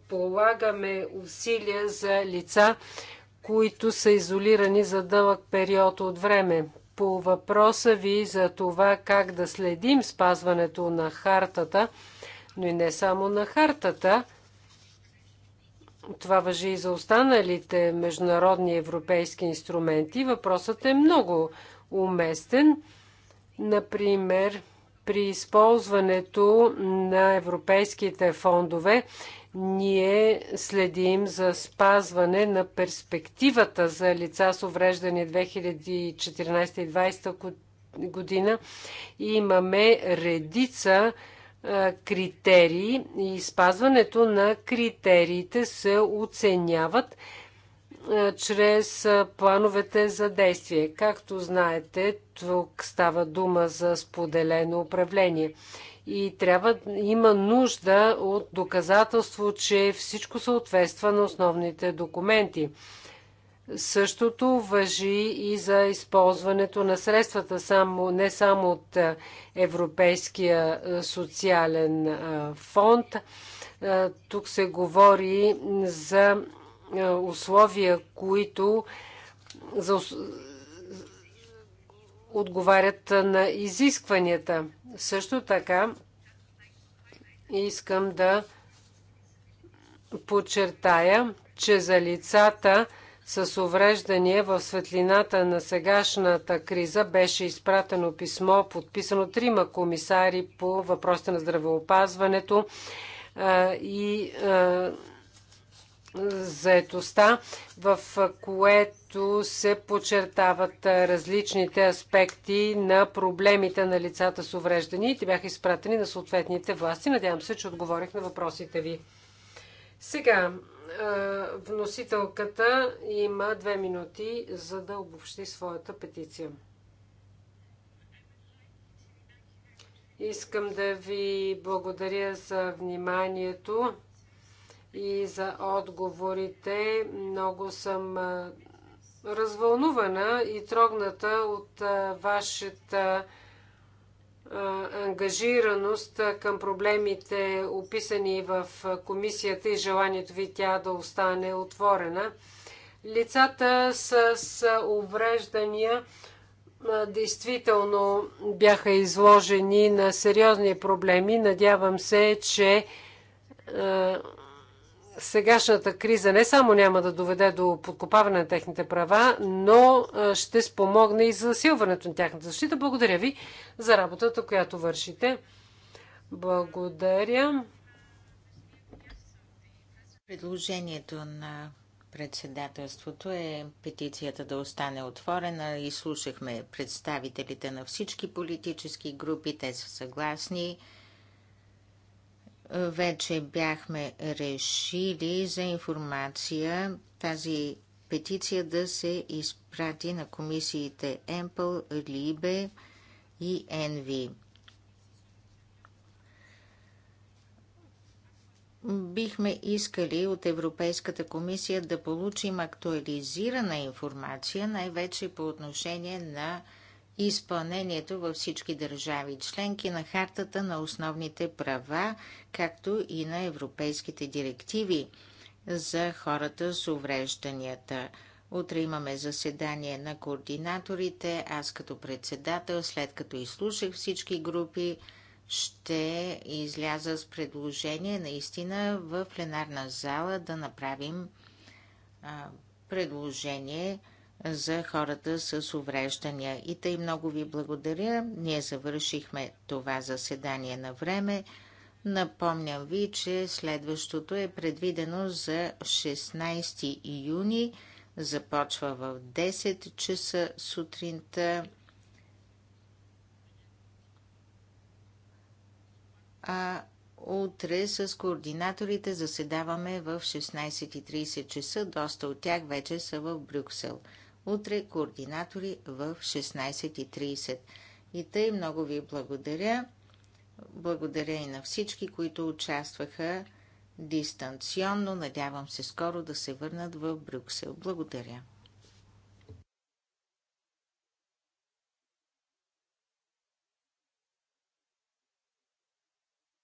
полагаме усилия за лица, които са изолирани за дълъг период от време. По въпроса ви за това как да следим спазването на хартата, но и не само на хартата, това въжи и за останалите международни европейски инструменти. Въпросът е много уместен. Например, при използването на европейските фондове ние следим за спазване на перспективата за лица с увреждане 2014-2020 година. Имаме редица е, критерии и спазването на критериите се оценяват е, чрез е, плановете за действие. Както знаете, тук става дума за споделено управление. И трябва, има нужда от доказателство, че всичко съответства на основните документи. Същото въжи и за използването на средствата само, не само от Европейския социален фонд. Тук се говори за условия, които за, отговарят на изискванията. Също така искам да подчертая, че за лицата, с увреждания в светлината на сегашната криза беше изпратено писмо, подписано трима комисари по въпросите на здравеопазването и заетостта, в което се подчертават различните аспекти на проблемите на лицата с увреждания и те бяха изпратени на съответните власти. Надявам се, че отговорих на въпросите ви. Сега е, вносителката има две минути, за да обобщи своята петиция. Искам да ви благодаря за вниманието и за отговорите. Много съм е, развълнувана и трогната от е, вашата ангажираност към проблемите, описани в комисията и желанието ви тя да остане отворена. Лицата с увреждания действително бяха изложени на сериозни проблеми. Надявам се, че сегашната криза не само няма да доведе до подкопаване на техните права, но ще спомогне и за засилването на тяхната защита. Благодаря ви за работата, която вършите. Благодаря. Предложението на председателството е петицията да остане отворена. Изслушахме представителите на всички политически групи. Те са съгласни вече бяхме решили за информация тази петиция да се изпрати на комисиите ЕМПЛ, ЛИБЕ и ЕНВИ. Бихме искали от Европейската комисия да получим актуализирана информация, най-вече по отношение на изпълнението във всички държави членки на Хартата на основните права, както и на европейските директиви за хората с уврежданията. Утре имаме заседание на координаторите. Аз като председател, след като изслушах всички групи, ще изляза с предложение наистина в пленарна зала да направим а, предложение за хората с увреждания. И тъй много ви благодаря. Ние завършихме това заседание на време. Напомням ви, че следващото е предвидено за 16 юни. Започва в 10 часа сутринта. А утре с координаторите заседаваме в 16.30 часа. Доста от тях вече са в Брюксел. Утре координатори в 16.30. И тъй много ви благодаря. Благодаря и на всички, които участваха дистанционно. Надявам се скоро да се върнат в Брюксел. Благодаря.